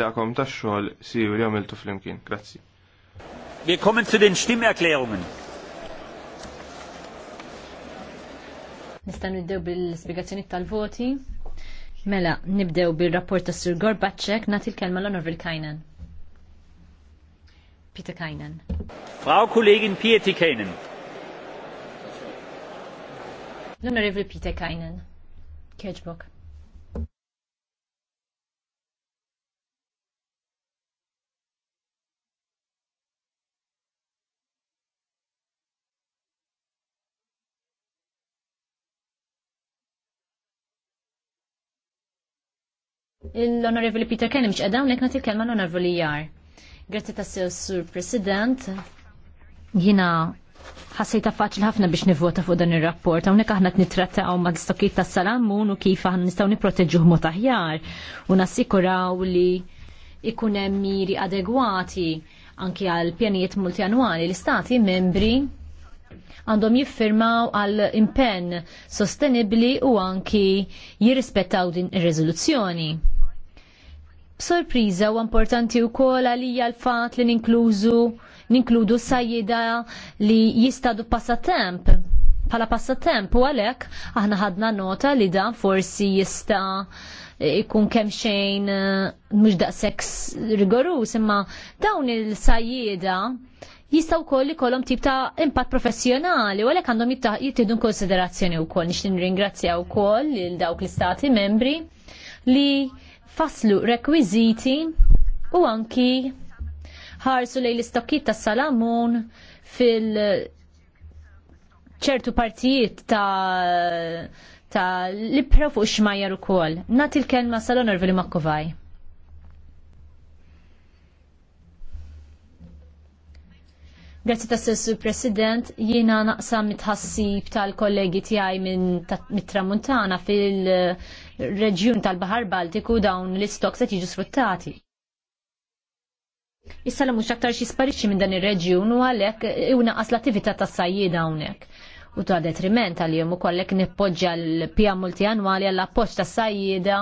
Jakom ta' xogħol siru li għamiltu flimkien. Grazzi. Wir kommen zu den Stimmerklärungen. Nistan nibdew bil-spiegazzjoni tal-voti. Mela, nibdew bil-rapport ta' Sir Gorbacek, nati l-kelma l-Honorable Kajnan. Peter Kajnan. Frau Kollegin Pieti Kajnan. L-Honorable Peter Kajnan. Kirchbock. l-Onorevoli Peter Kenny mx għedaw nek nati kelma l-Onorevoli Jar. Grazie ta' sew sur President. Jina ħassejta faċli ħafna biex nivvota fuq dan ir-rapport. Hawnhekk aħna tnitrattaw ma' stokkiet tas-salamun u kif aħna nistgħu nipproteġġuh mod aħjar u nassikuraw li ikun hemm miri adegwati anki għal pjanijiet multjanwali l-istati membri għandhom jiffirmaw għal impenn sostenibli u anki jirrispettaw din ir-riżoluzzjoni sorpriza u importanti wkoll għalija l fat li ninkluzu ninkludu sajjida li jistadu passatemp bħala passatemp u għalhekk aħna ħadna nota li dan forsi jista' ikun kemm xejn eh, mhux seks rigorus, imma dawn il-sajjieda jistgħu wkoll kolom tip ta' impatt professjonali, u għalhekk għandhom jittidun konsiderazzjoni wkoll nix u wkoll lil dawk l-istati membri li faslu rekwiżiti u anki ħarsu lejn l-istokkiet tas salamun fil ċertu partijiet ta' ta' li fuq xmajjar ukoll. Nati l-kelma sal vili Makkovaj. Grazzi ta' sessu President, jiena naqsam mitħassib tal-kollegi tiegħi min mit-Tramuntana fil- reġjun tal-Bahar Baltiku dawn l-istoks qed jiġu sfruttati. Issa li mhux aktar xi sparixxi minn dan ir-reġjun u għalhekk iwnaqas l-attività tas-sajjieda hawnhekk. U ta' detriment għal-jom u kollek nippoġġa l-pija multianwali għall-appoġġ tas sajjieda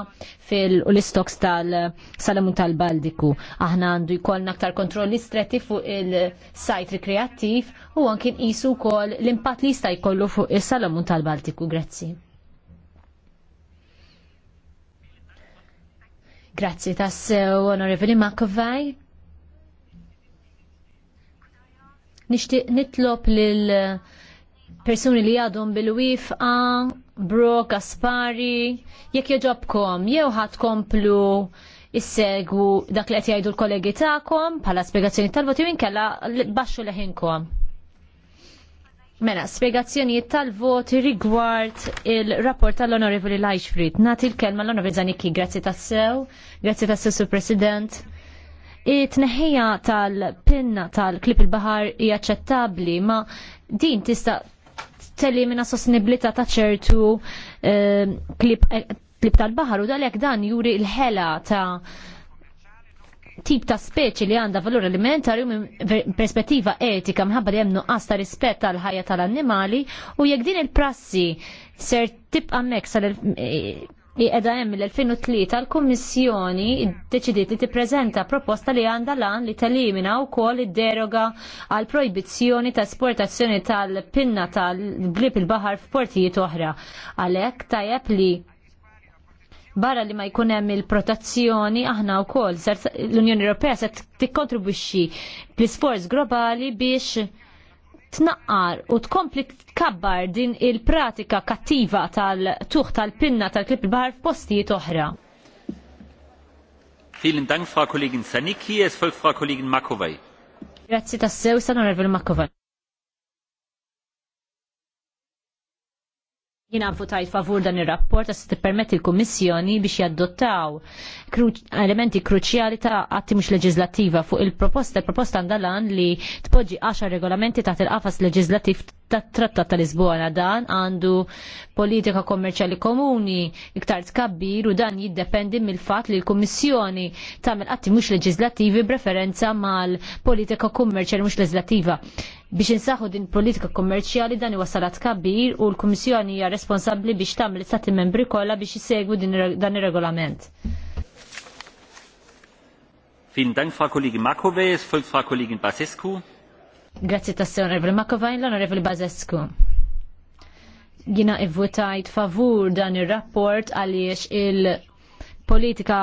fil-istoks tal-salamun tal-Baldiku. Aħna għandu jkollna aktar kontrolli stretti fuq il-sajt rikreattiv u għankin isu kol l-impat li jista' jkollu fuq il-salamun tal-Baltiku. Grazzi. Grazzi tassew, onorevoli Makovaj. Nishtiq nitlob lil persuni li għadhom bil-wifqa, Bro, Gaspari, jekk joġobkom, jew ħadd komplu issegwu dak li qed jgħidu l-kollegi tagħkom bħala spjegazzjoni tal-voti minn kella baxxu leħinkom. Mela, spiegazzjonijiet tal-vot rigward il-rapport tal-Onorevoli Lajxfrid. Nati l-kelma l-Onorevoli Zanicki, grazzi tassew, grazzi tassew su President. It-neħija tal-pinna tal-klip il-bahar hija ma din tista' telimina sostenibilità ta' ċertu eh, klip, eh, klip tal-bahar u dalek dan juri l-ħela ta' tip ta' speċi li għandha valur alimentari minn perspettiva etika minħabba li hemm nuqqas ta' rispett għall ħajja tal-annimali u jekk din il-prassi ser tibqa' mek sal qiegħda eh, hemm mill-2003 l-Kummissjoni deċidiet li tippreżenta proposta li għandha lan li telimina wkoll id-deroga għal projbizzjoni ta' esportazzjoni tal-pinna tal-blib il-baħar f'portijiet oħra. Għalhekk tajjeb li barra li ma jkun hemm il-protezzjoni aħna wkoll l-Unjoni Ewropea se tikkontribwixxi bl-isforz globali biex tnaqqar u tkompli tkabbar din il-pratika kattiva tal-tuħ tal-pinna tal-klib il-bahar f'postijiet oħra. Vielen Dank, Frau Kollegin Zanicki. Es folgt Frau Kollegin Makovej. Grazie tassew, Sanorevil Makovej. Jina votajt favur dan ir-rapport għas permetti l-Kommissjoni biex jaddottaw elementi kruċjali ta' atti mhux leġislattiva fuq il-proposta. Il-proposta għandalan li tpoġġi 10 regolamenti ta' il-qafas leġislattiv tat trattat ta' Lisbona dan għandu politika kommerċali komuni iktar tkabbir u dan jiddependi mill-fatt li l-Kummissjoni tagħmel atti mhux leġislattivi b'referenza mal-politika kummerċjali mhux leġizlativa biex insaħħu din politika kommerċjali dan iwasalat kabir u l-Kummissjoni hija responsabbli biex tagħmel stati membri kollha biex isegwu dan ir-regolament. Vielen Dank, Frau Kollegin Makowej. Es folgt Frau Kollegin Basescu. Grazie tassew, Onorevole Makowej, l-Onorevole Basescu. Jina ivvutajt favur dan ir-rapport għaliex il-politika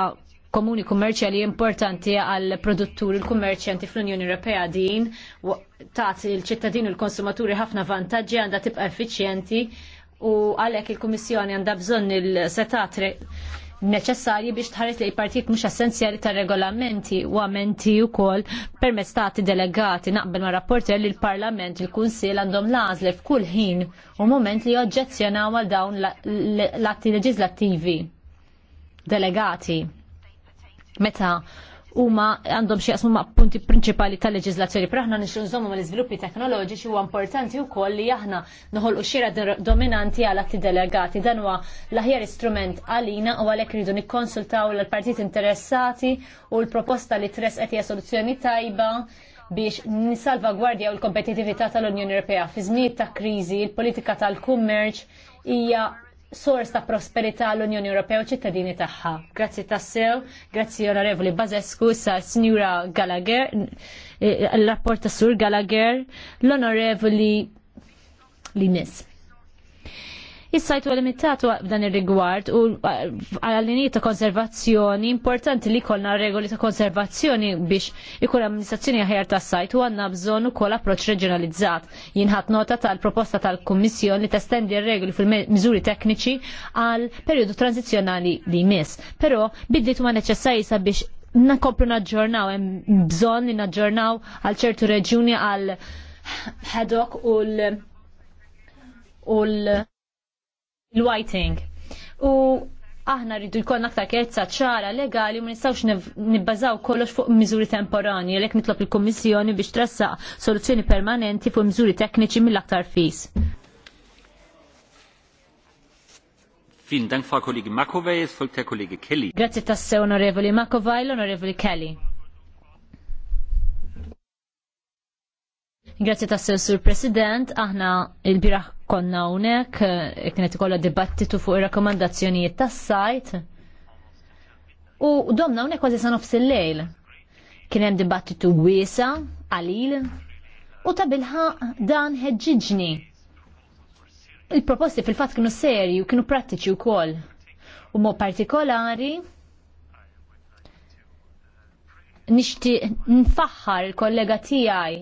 komuni kummerċjali importanti għal produtturi l-kummerċjanti fl-Unjoni Ewropea din taħt il-ċittadin u l-konsumaturi ħafna vantaġġi għandha tibqa' effiċjenti u għalhekk il-Kummissjoni għandha bżonn il-setat neċessarji biex tħares li partijiet mhux essenzjali ta' regolamenti u amenti wkoll permezz tagħti delegati naqbel ma' rapporter li l-Parlament il-Kunsill għandhom lażle f'kull ħin u moment li oġġezzjonaw għal dawn l-atti leġislattivi delegati meta huma għandhom xi jaqsmu ma' punti prinċipali tal leġislazzjoni però aħna nixtru nżommu mal-iżviluppi teknoloġiċi huwa importanti wkoll li aħna noħolqu xira dominanti għal atti delegati. Dan huwa l-aħjar istrument għalina u għalhekk rridu nikkonsultaw l-partit interessati u l-proposta li tres qed hija soluzzjoni tajba biex u l kompetitività tal-Unjoni Ewropea fi żmien ta' kriżi, il-politika tal-kummerċ hija sors ta' prosperità l-Unjoni Ewropea u ċittadini tagħha. Grazzi tassew, grazzi onorevoli Bazescu sa' Signora Gallagher, eh, l-rapport ta' Sur Gallagher, l-onorevoli Linis. Is-sajt u limitatu b'dan ir-rigward u għal-linji ta' konservazzjoni importanti li kollna regoli ta' konservazzjoni biex ikun amministrazzjoni aħjar ta' sajt u għandna bżonn ukoll approċċ reġjonalizzat. ħadd nota tal-proposta tal-Kummissjoni li testendi r-regoli fil-miżuri tekniċi għal perjodu tranzizzjonali li jmiss. Però bidliet huma neċessarji sabiex nakomplu naġġornaw, hemm bżonn li naġġornaw għal ċertu reġjuni għal ħedok u l- u l- l-whiting. U aħna rridu jkollna aktar kerza ċara legali ma nistgħux nibbażaw kollox fuq miżuri temporani għalhekk nitlob il-Kummissjoni biex tressaq soluzzjoni permanenti fuq miżuri tekniċi mill-aktar fis. Vielen Dank, Frau Kollegin Makovej. Es folgt Herr Kollege Kelly. Grazie tasse, onorevoli Makovej, onorevoli Kelly. Grazie tasse, Sur President. Aħna il-biraħ konna hawnhekk, eh, kienet ikollha dibattitu fuq ir-rakkomandazzjonijiet tas-sajt. U domna hawnhekk kważi sa nofs il-lejl. Kien hemm dibattitu wiesa, qalil, u ta' bilħaq dan ħeġġiġni. Il-proposti fil-fatt kienu serji u kienu prattiċi wkoll. U mod partikolari nixtieq nfaħħar il-kollega tiegħi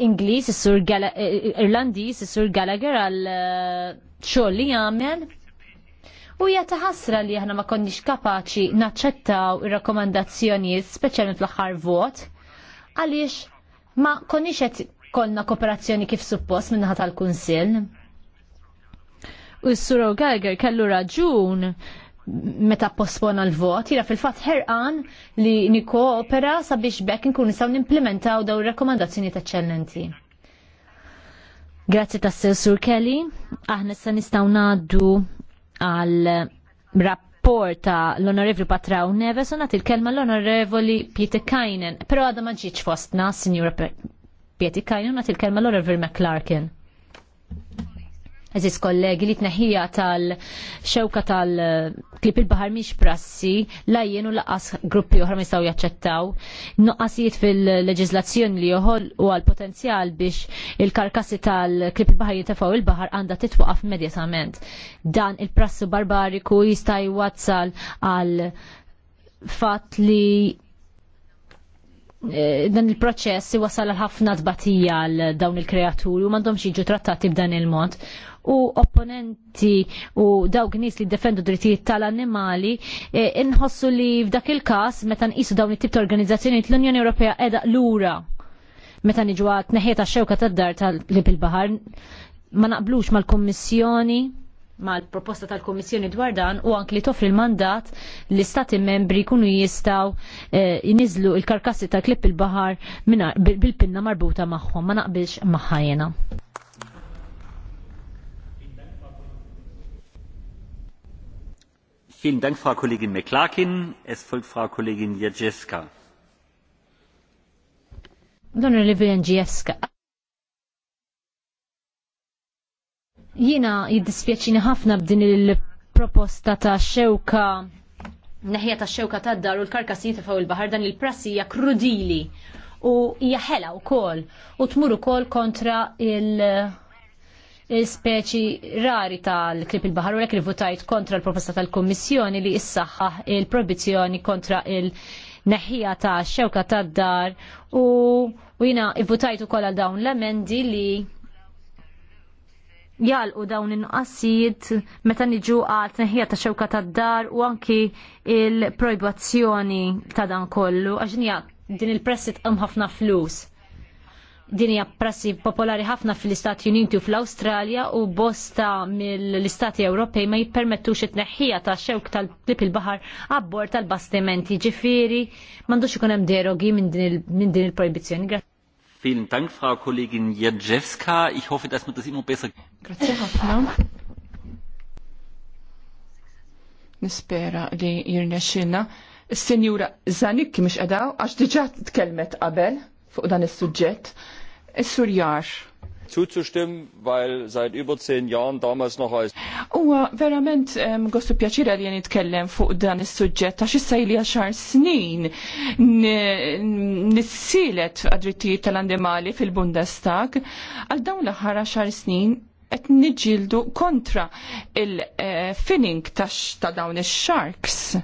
Ingliż, eh, eh, Irlandiż, is-sur Gallagher għal eh, xogħol li jagħmel. U hija taħasra li aħna ma konniex kapaċi naċċettaw ir-rakkomandazzjonijiet speċjalment fl-aħħar vot għaliex ma konniex qed kollna kooperazzjoni kif suppost minnaħa tal-Kunsill. U s-sur Gallagher kellu raġun meta pospona l-vot, jira fil-fat ħerqan li nikoopera sabiex bekk nkun nistaw nimplementaw daw rekomandazzjoni ċellenti. Grazzi ta' Sur Kelly, aħna sa' nistaw naddu għal rapport ta' l-Onorevoli Patraw Neves, unat il-kelma l-Onorevoli Pieter Kajnen, pero għadha maġiċ fostna, Signora Pieter Kajnen, unat il-kelma l-Onorevoli McClarkin. Aziz kollegi li tneħija tal-xewka tal-klip il-bahar miex prassi la jienu laqas gruppi oħra jistaw jaċċettaw. Nuqqasijiet fil-leġizlazzjoni li joħol u għal-potenzjal biex il-karkassi tal-klip il-bahar jintafaw il-bahar għanda titwaqaf immedjatament. Dan il-prassu barbariku jista' jwazzal għal fat li eh, dan il-proċess wasal għal ħafna tbatija għal dawn il-kreaturi u m'għandhomx jiġu trattati b'dan il-mod u opponenti u dawk nies li defendu drittijiet tal-annimali eh, inħossu li f'dak il-każ meta nqisu dawn it-tip ta' organizzazzjoni l-Unjoni Ewropea qiegħda lura meta niġu għat neħiet xewka tad-dar tal-li bil-bahar ma naqblux mal-Kummissjoni mal-proposta tal kommissjoni dwar dan u anki li toffri l-mandat li stati membri kunu jistaw eh, l il-karkassi ta' klip il-bahar bil-pinna marbuta maħħom ma naqbilx maħħajena. Vielen Dank, Frau Kollegin McClarkin. Es folgt Frau Kollegin Jedzieska. Jina jiddispjaċini ħafna b'din il-proposta ta' xewka neħja ta' xewka ta' dar u l-karkas jitfaw il-bahar dan il prassi hija krudili u hija ħela wkoll u tmur ukoll kontra il- speċi rari tal-klip il-bahar u l votajt kontra l-proposta tal-Kommissjoni li issaħħa il probizjoni kontra il-neħija ta' xewka ta' dar u, jina votajtu kol għal dawn l-emendi li jalqu dawn in qasid meta niġu għal neħija ta' xewka ta' dar u anki il-proibazzjoni ta' dan kollu għaxnija din il-pressit ħafna flus din hija prassi popolari ħafna fl-Istati Uniti u fl-Awstralja u bosta mill-Istati Ewropej ma jippermettux it-neħħija ta' xewk tal lip il-baħar abbord tal-bastimenti ġifiri m'għandux ikun hemm derogi minn din il-projbizzjoni. Vielen Dank, Frau Kollegin Jadrzewska. Ich hoffe, dass man das immer besser... Grazie ħafna. Nispera li jirnexxilna. Is-Sinjura Zanikki mhix qedaw għax diġà tkellmet qabel fuq dan is-suġġett. Is-Sur Jar. Zuzustimmen, weil seit über zehn Jahren damals noch als. Uwa, verament, għostu pjaċira li nitkellem fuq dan is-suġġett għax issa għaxar snin nissilet għadritti tal andemali fil-Bundestag, għal dawn l-aħħar għaxar snin qed niġġieldu kontra il-finning e, ta' dawn il sharks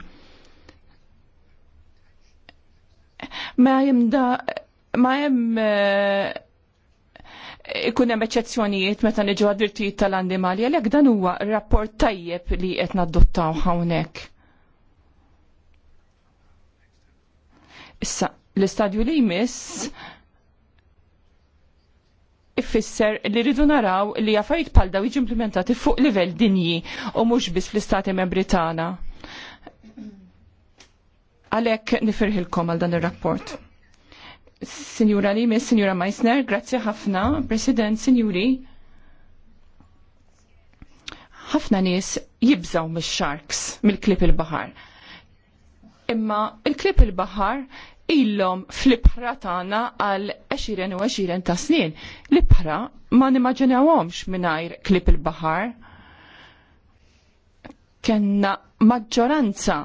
Ma jimda ma jem e, ikun hemm eċċezzjonijiet meta niġu għad tal-annimali, għalhekk dan huwa rapport tajjeb li qed naddottaw hawnhekk. Issa, l-istadju li jmiss ifisser li rridu naraw li affarijiet bħal daw jiġu implementati fuq livell dinji u mhux biss fl-Istati Membri tagħna. Għalhekk nifirħilkom għal dan ir-rapport. Sinjura li mis, Sinjura Meissner, grazzi ħafna, President, Sinjuri. Ħafna nies jibżaw mis-sharks mill-klip il-bahar. Imma il-klip il-bahar illom fl-ibħra tagħna għal 20 u 20 ta' snin. L-ibħra ma nimmaġinawhomx mingħajr klip il-bahar. Kenna maġġoranza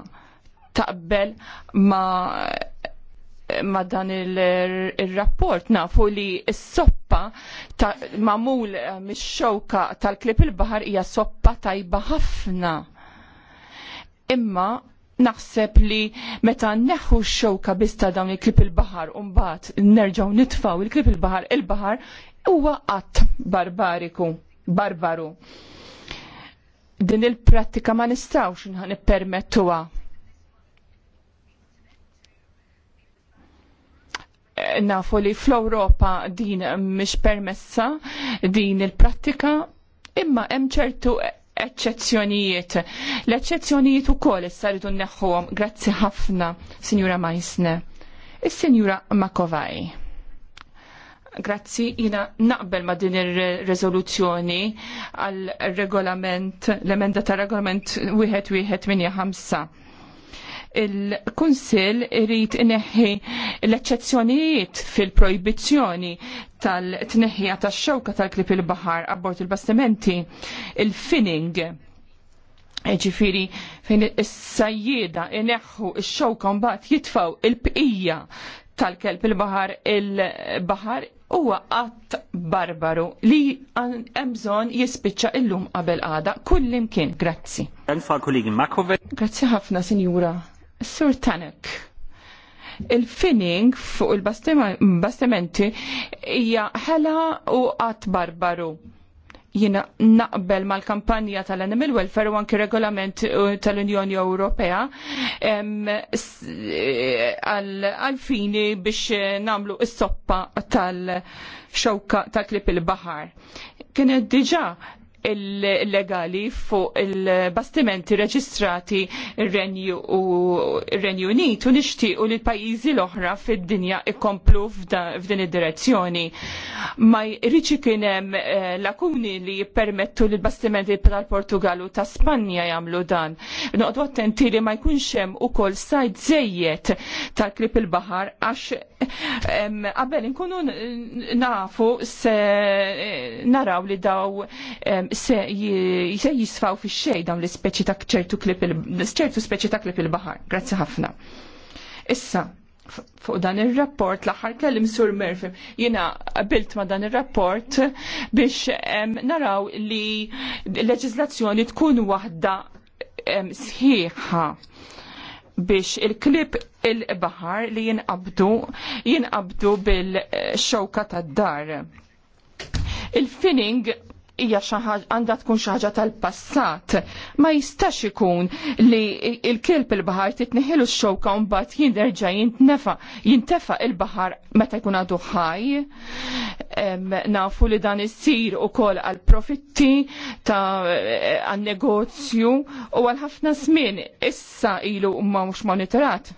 taqbel ma' ma dan il-rapport il nafu li s-soppa mamul eh, mix-xewka tal-klip il-bahar hija soppa tajba ħafna. Imma naħseb li meta neħu x-xewka biss ta' dawn il-klip il-bahar u mbagħad nerġgħu nitfaw il-klip il-bahar il-bahar huwa qatt barbariku, barbaru. Din il-prattika ma nistgħux nippermettuha nafu li fl-Europa din mhix permessa din il-prattika imma hemm ċertu eċċezzjonijiet. L-eċċezzjonijiet ukoll issa rridu nneħħuhom. Grazzi ħafna, Sinjura Majsne. Is-Sinjura Makovaj. Grazzi, jina naqbel ma din ir-rezoluzzjoni għal regolament, l-emenda ta' regolament wieħed wieħed minja ħamsa il-Kunsil irrit inneħi l-eċċezzjonijiet fil-projbizzjoni tal-tneħħija tax-xewka tal-klip il-baħar abbort il-bastimenti, il-finning. Ġifiri, fejn is sajjida inneħu x-xewka mbagħad jitfaw il-bqija tal-kelb il-baħar il-baħar huwa qatt barbaru li hemm bżonn jispiċċa illum qabel għada kull Grazzi. Grazzi ħafna, Sinjura Sur Tanek, il-finning fuq il-bastimenti hija ħela u qatt barbaru. Jina naqbel mal-kampanja tal-Animal Welfare u anki regolament eh, tal-Unjoni Ewropea eh, għal-fini biex eh, namlu s-soppa tal-xewka tal-klip il-bahar kienet diġa illegali fuq il-bastimenti reġistrati il-Renju Unit u nixtiequ li l-pajjiżi l-oħra fid-dinja ikomplu f'din id-direzzjoni. Ma jriċi kien hemm eh, lakuni li jippermettu li l-bastimenti tal-Portugalu ta' Spanja jagħmlu dan. Noqgħdu attenti li ma jkunx hemm ukoll sajt żejjed tal-klip il-baħar għax qabel nkunu nafu se eh, naraw li daw se jisfaw fi xej dawn l-speċi ta' ċertu klip ċertu speċi ta' klip il-bahar. Grazzi ħafna. Issa, fuq dan il-rapport l-aħħar kellim sur Murphy. Jina qabilt ma dan il-rapport biex naraw li l-leġizlazzjoni tkun waħda sħiħa biex il-klib il-bahar li jinqabdu jinqabdu bil xowka tad-dar. Il-finning hija għandha tkun xi ħaġa tal-passat. Ma jistax ikun li il kelp il-baħar titneħilu x-xewka u mbagħad jinderġa' jintnefa' jintefa' il-baħar meta jkun għadu ħaj. Nafu li dan issir ukoll għal profitti ta' għan negozju u għal ħafna żmien issa ilu ma mhux monitorat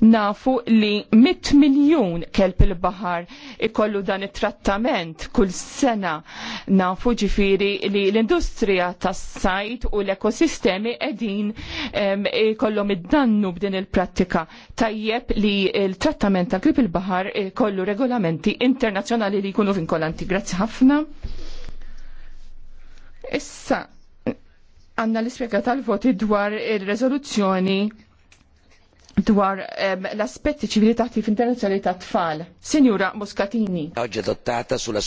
nafu li 100 miljon kelb il-bahar ikollu dan it-trattament kull sena nafu ġifiri li l-industrija tas sajt u l-ekosistemi edin ikollhom id-dannu b'din il-prattika tajjeb li l-trattament ta' klib il-bahar ikollu regolamenti internazzjonali li jkunu vinkolanti. Grazzi ħafna. Issa, għanna l-ispiega tal-voti dwar il-rezoluzzjoni dwar ehm, l-aspetti ċivili taħtif internazzjonali ta' tfal. Sinjura Muscatini. Oġġi adottata sulla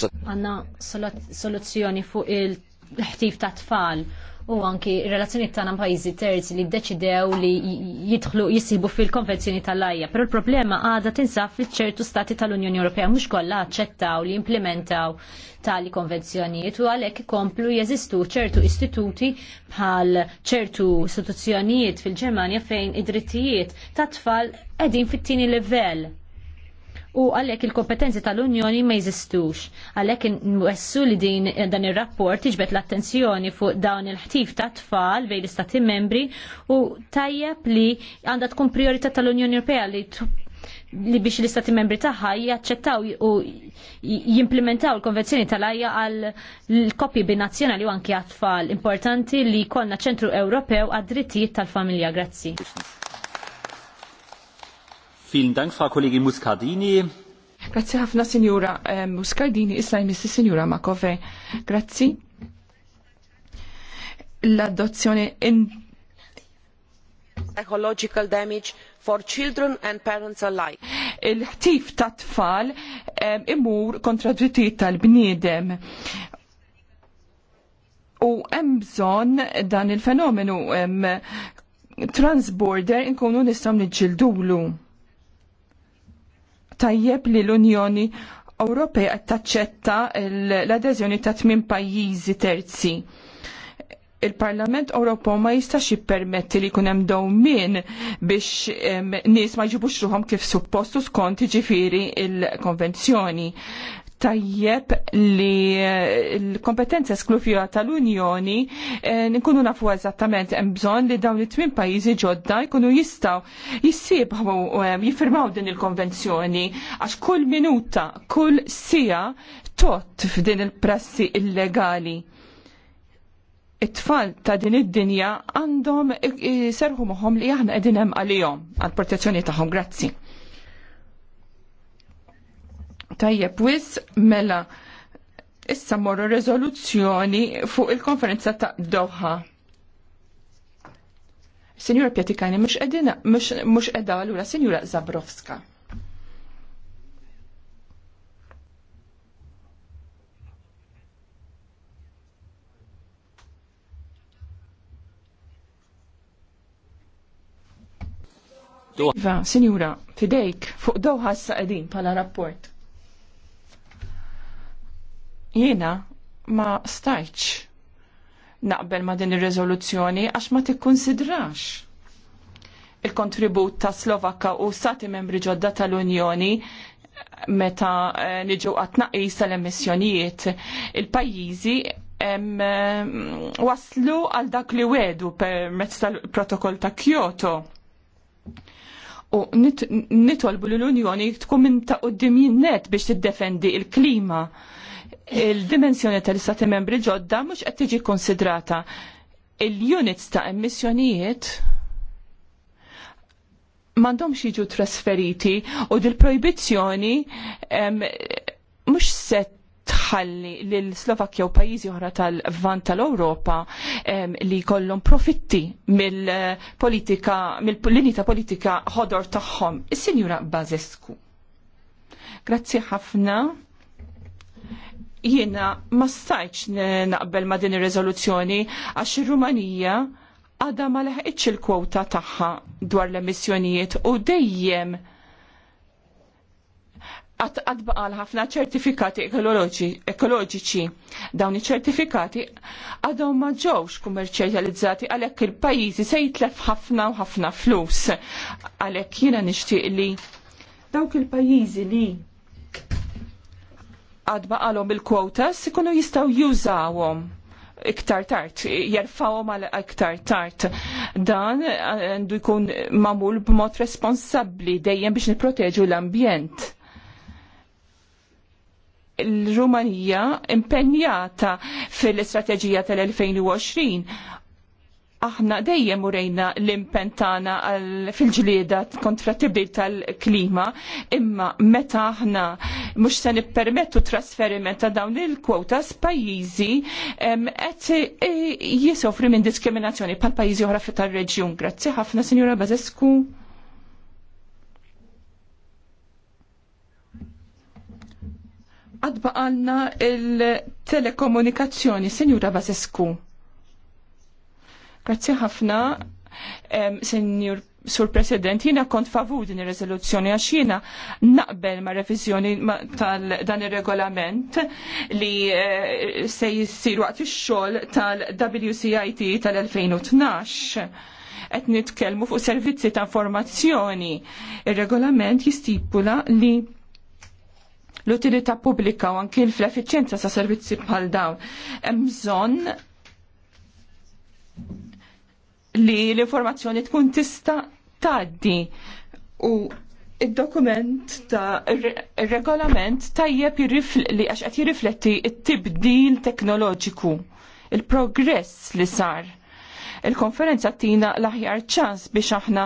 soluzzjoni fuq il-ħtif ta' tfal u anki relazzjoni tagħna pajjiżi terzi li ddeċidew li jidħlu jisibu fil-konvenzjoni tal-ajja. Però l-problema għadha tinsab fiċ-ċertu stati tal-Unjoni Ewropea mhux kollha aċċettaw li implementaw tali konvenzjonijiet u għalhekk ikomplu jeżistu ċertu istituti bħal ċertu istituzzjonijiet fil-Ġermanja fejn id-drittijiet tat-tfal qegħdin fit-tieni livell u għalhekk il-kompetenzi tal-Unjoni ma jeżistux. Għalhekk wessu li din dan ir-rapport iġbet l-attenzjoni fuq dawn il-ħtif ta' tfal bejn l-istati membri u tajjeb li għandha tkun priorità tal-Unjoni Ewropea li li biex l-istati membri tagħha jaċċettaw u jimplementaw il-konvenzjoni tal-ajja għal l-kopji binazzjonali u anki għat-tfal. Importanti li konna ċentru Ewropew għad-drittijiet tal-familja. Grazzi. Vielen Dank, Frau Kollegin Muscardini. Grazzi ħafna, Sinjura eh, Muscardini, issa jmissi Sinjura Makove. Grazzi. L-adozzjoni in psychological damage for children and parents alike. Il-ħtif ta' tfal eh, imur kontra drittijiet tal-bniedem. U hemm bżonn dan il-fenomenu eh, transborder inkunu nistgħu nġildulu tajjeb li l-Unjoni Ewropea qed taċċetta l-adeżjoni ta' tmien pajjiżi terzi. Il-Parlament Ewropew ma jistax jippermetti li jkun hemm dewmien biex nies ma jġibux ruhom kif suppostu skont jiġifieri l konvenzjoni tajjeb li l-kompetenza esklusiva tal-Unjoni eh, nkunu nafu eżattament hemm bżonn li dawn it-tmien pajjiżi ġodda jkunu jistgħu jissibħu eh, jiffirmaw din il-konvenzjoni għax kull minuta, kull sija tot f'din il-prassi illegali it-tfal ta' din id-dinja għandhom serħu moħom li aħna qegħdin hemm għalihom għall protezzjoni tagħhom. Grazzi. Tajjeb, wis mela issa morru rezoluzzjoni fuq il-konferenza ta' Doha. Signora Pjatikani, mux edina, mux edha għallura, Signora Zabrowska. Iva, Signora, fidejk, fuq doħas sa' edin pala rapport. Jiena ma stajċ naqbel ma din ir-riżoluzzjoni għax ma tikkunsidrax il-kontribut ta' Slovakka u stati membri ġodda tal-Unjoni meta eh, niġu għatnaqis tal-emissjonijiet. Il-pajjiżi mm, waslu għal dak li wedu permezz tal-protokoll ta' Kyoto. U nitolbu l-Unjoni tkun minn ta' qoddim jinnet biex tiddefendi il-klima il-dimensjoni tal-istati membri ġodda mhux qed tiġi konsidrata il-units ta' emissjonijiet m'għandhomx jiġu trasferiti u dil projbizjoni mhux se tħalli l Slovakkja u pajjiżi oħra tal-vant tal-Ewropa li jkollhom profitti mill-politika mill-linji ta' politika ħodor tagħhom. Is-Sinjura Bazescu. Grazzi ħafna jiena ma stajċ naqbel ma din ir-riżoluzzjoni għax ir-Rumanija għadha ma leħqitx il-kwota tagħha dwar l-emissjonijiet u dejjem għad baqal ħafna ċertifikati ekoloġiċi. Dawn iċ-ċertifikati għadhom ma ġewx kummerċjalizzati għalhekk il-pajjiżi se jitlef ħafna u ħafna flus. Għalhekk jiena nixtieq li dawk il-pajjiżi li għadba għalhom il-quotas ikunu jistgħu jużawhom iktar tard, jerfawom għal iktar tard. Dan għandu jkun mamul b'mod responsabbli dejjem biex nipproteġu l-ambjent. Il-Rumanija impenjata fil-istrateġija tal-2020 aħna dejjem urejna l-impentana fil-ġlieda kontra tibdil tal-klima, imma meta aħna mhux se nippermettu trasferiment ta' dawn il-kwotas pajizi qed jisofri minn diskriminazzjoni pal pajjiżi oħra tar-reġjun. Grazzi ħafna, Sinjura Bazescu. għanna il-telekomunikazzjoni, Sinjura Bazescu. Grazzi ħafna, Senjur Sur President, jina kont favur din ir-rezoluzzjoni għax jina naqbel ma' revizjoni tal-dan ir-regolament li eh, se jissir waqt ix-xogħol tal-WCIT tal-2012 qed nitkellmu fuq servizzi ta' informazzjoni. Ir-regolament jistipula li l-utilità pubblika u anke l-effiċenza sa' servizzi bħal dawn hemm bżonn li l-informazzjoni tkun tista taddi u il-dokument ta' il-regolament tajjeb li għax qed jirrifletti it-tibdil teknoloġiku, il-progress li sar. Il-konferenza tina l-aħjar ċans biex aħna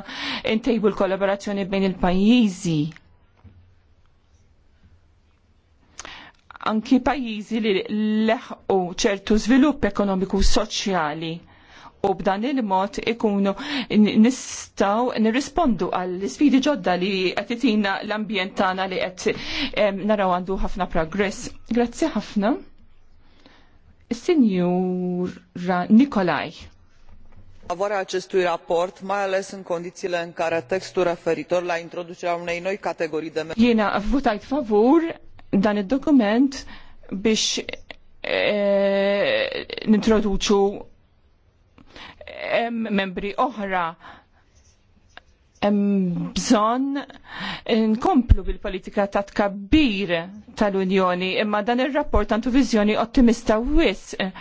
intejbu l-kollaborazzjoni bejn il-pajjiżi. Anki pajjiżi li leħqu ċertu żvilupp ekonomiku soċjali u b'dan il-mod ikunu nistaw nirrispondu għall sfidi ġodda li qed itina l-ambjent tagħna li qed naraw għandu ħafna progress. Grazzi ħafna. Signora Nikolaj. Elaborarea acestui raport, mai ales în condițiile în care textul referitor la introducerea unei noi categorii de Jiena votajt favur dan id-dokument biex eh, nintroduċu membri oħra bżon nkomplu bil-politika ta' tkabbir tal-Unjoni imma dan ir-rapport għandu viżjoni ottimista wis eh,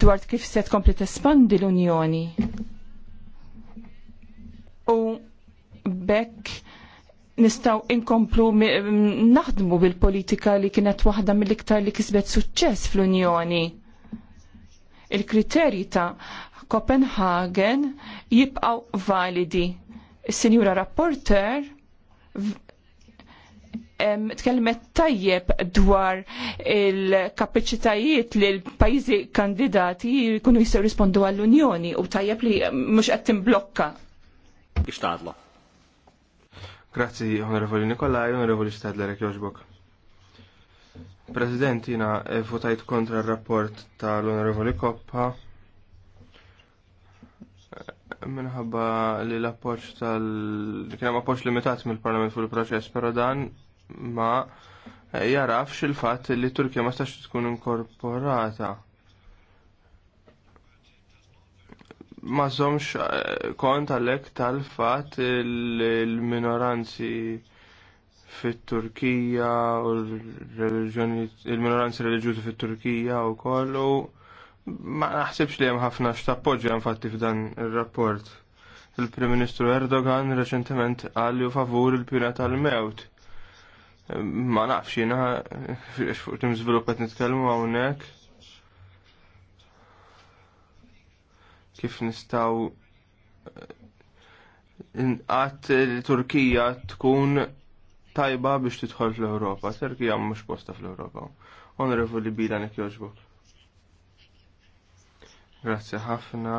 dwar kif se tkompli tespandi l-Unjoni. U bekk nistaw inkomplu mm, naħdmu bil-politika li kienet waħda mill-iktar li kisbet suċċess fl-Unjoni il-kriterji ta' Copenhagen jibqaw validi. S-Senjura rapporter tkellmet tajjeb dwar il-kapacitajiet li l-pajzi kandidati jkunu jistaw rispondu għall-Unjoni u tajjeb li mhux qed blokka. Ixtadla. Grazzi, onorevoli Nikolaj, onorevoli Stadler, jogħġbok. President, jina eh, votajt kontra il-rapport tal-onorevoli Koppa minħabba li l-appoċ tal li kienem appoġġ limitat mill-Parlament fuq il-proċess, però dan ma jarafx il-fatt li Turkija ma stax tkun inkorporata. Ma żomx eh, kont għalhekk tal-fatt l minoranzi fit-Turkija u il-minoranzi reliġjużi fit-Turkija u kollu ma naħsibx li hemm ħafna x'tappoġġja infatti f'dan ir-rapport. Il-Prim Ministru Erdogan reċentement qal ju favur il-pina tal-mewt. Ma nafx jiena fuq tim żviluppet nitkellmu hawnhekk. Kif nistgħu inqat Turkija tkun tajba biex tidħol fl-Ewropa. Turkija mhux posta fl-Ewropa. Onorevoli Bila nek joġbok. Grazzi ħafna,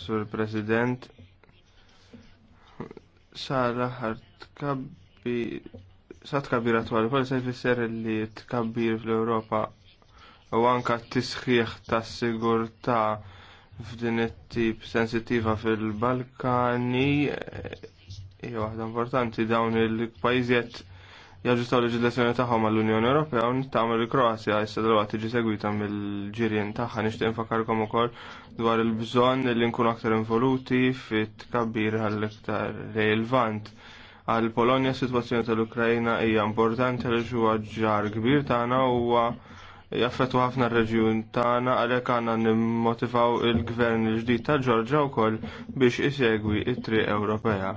Sur President. Sara ħartkabbi sa tkabbir attwali, pal se jfisser li tkabbir fl-Ewropa u anka t-tisħiħ tas sigurtà f'din it-tip sensitiva fil-Balkani eh, hija waħda importanti dawn il-pajjiżiet jaġġustaw leġislazzjoni tagħhom għall-Unjoni Ewropea u nittamel il-Kroazja issa dalwaqt tiġi segwita mill-ġirien tagħha nixtieq infakarkom ukoll dwar il-bżonn li nkunu aktar involuti fit-tkabbir għall-iktar relevant. Għal Polonja s-sitwazzjoni tal-Ukrajna hija importanti għal huwa ġar kbir tagħna huwa jaffetu ħafna r-reġjun tagħna għalhekk għandna nimmotivaw il-gvern il-ġdid ta' Ġorġa wkoll biex isegwi it-triq Ewropea.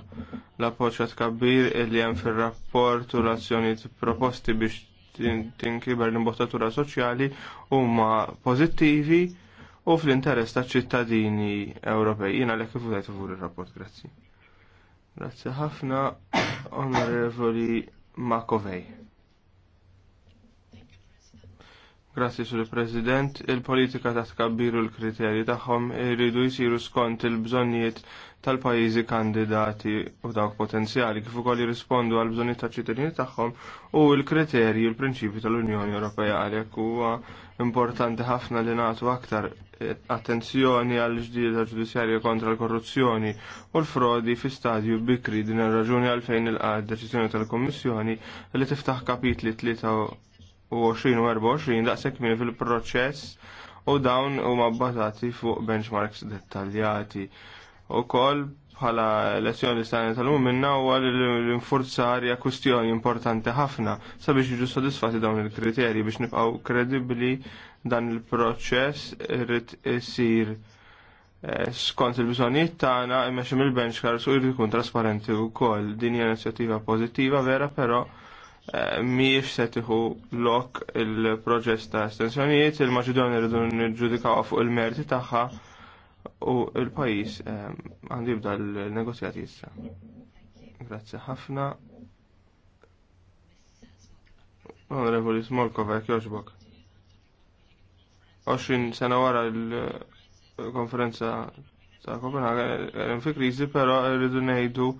L-appoġġ kabbir li hemm fir-rapport u l-azzjonijiet proposti biex tinkiber l-imbottatura soċjali huma pożittivi u fl-interess ta' ċittadini Ewropej. Jiena għalhekk kif użajt ir-rapport, grazzi. Grazzi ħafna, onorevoli Makovej. Grazzi sul President, il-politika ta' tkabbiru l-kriterji tagħhom irridu jsiru skont il-bżonnijiet tal-pajjiżi kandidati u dawk potenzjali kif ukoll jirrispondu għal bżonnijiet tal-ċittadini tagħhom u l-kriterji u l-prinċipji tal-Unjoni Ewropea għalhekk huwa importanti ħafna li nagħtu aktar eh, attenzjoni għal ġdida ġudizzjarja kontra l-korruzzjoni u l-frodi fi stadju bikri din ir-raġuni għalfejn il-qad deċiżjoni tal-Kommissjoni li tiftaħ kapitli u 2024 daqshekk minn fil-proċess u dawn huma bbażati fuq benchmarks dettaljati. kol bħala lezzjoni li stani tal-lum minna u l-infurzar hija kwistjoni importanti ħafna sabiex jiġu sodisfati dawn il-kriterji biex nibqgħu kredibbli dan il-proċess rrit isir eh, skont il-bżonijiet tagħna imma xi mill-benchmarks u jrid ikun trasparenti wkoll. Din hija inizjattiva pożittiva vera però Eh, miex se tiħu lok il-proġess ta' estensjonijiet, il maġedonja rridu nġudikaw fuq il-merti tagħha u il-pajis eh, għandi jibda l-negozjati issa. Grazzi ħafna. Onorevoli Smolkov, jek joġbok. 20 sena wara l-konferenza ta' Kopenhagen, eh, fi krizi, pero rridu nejdu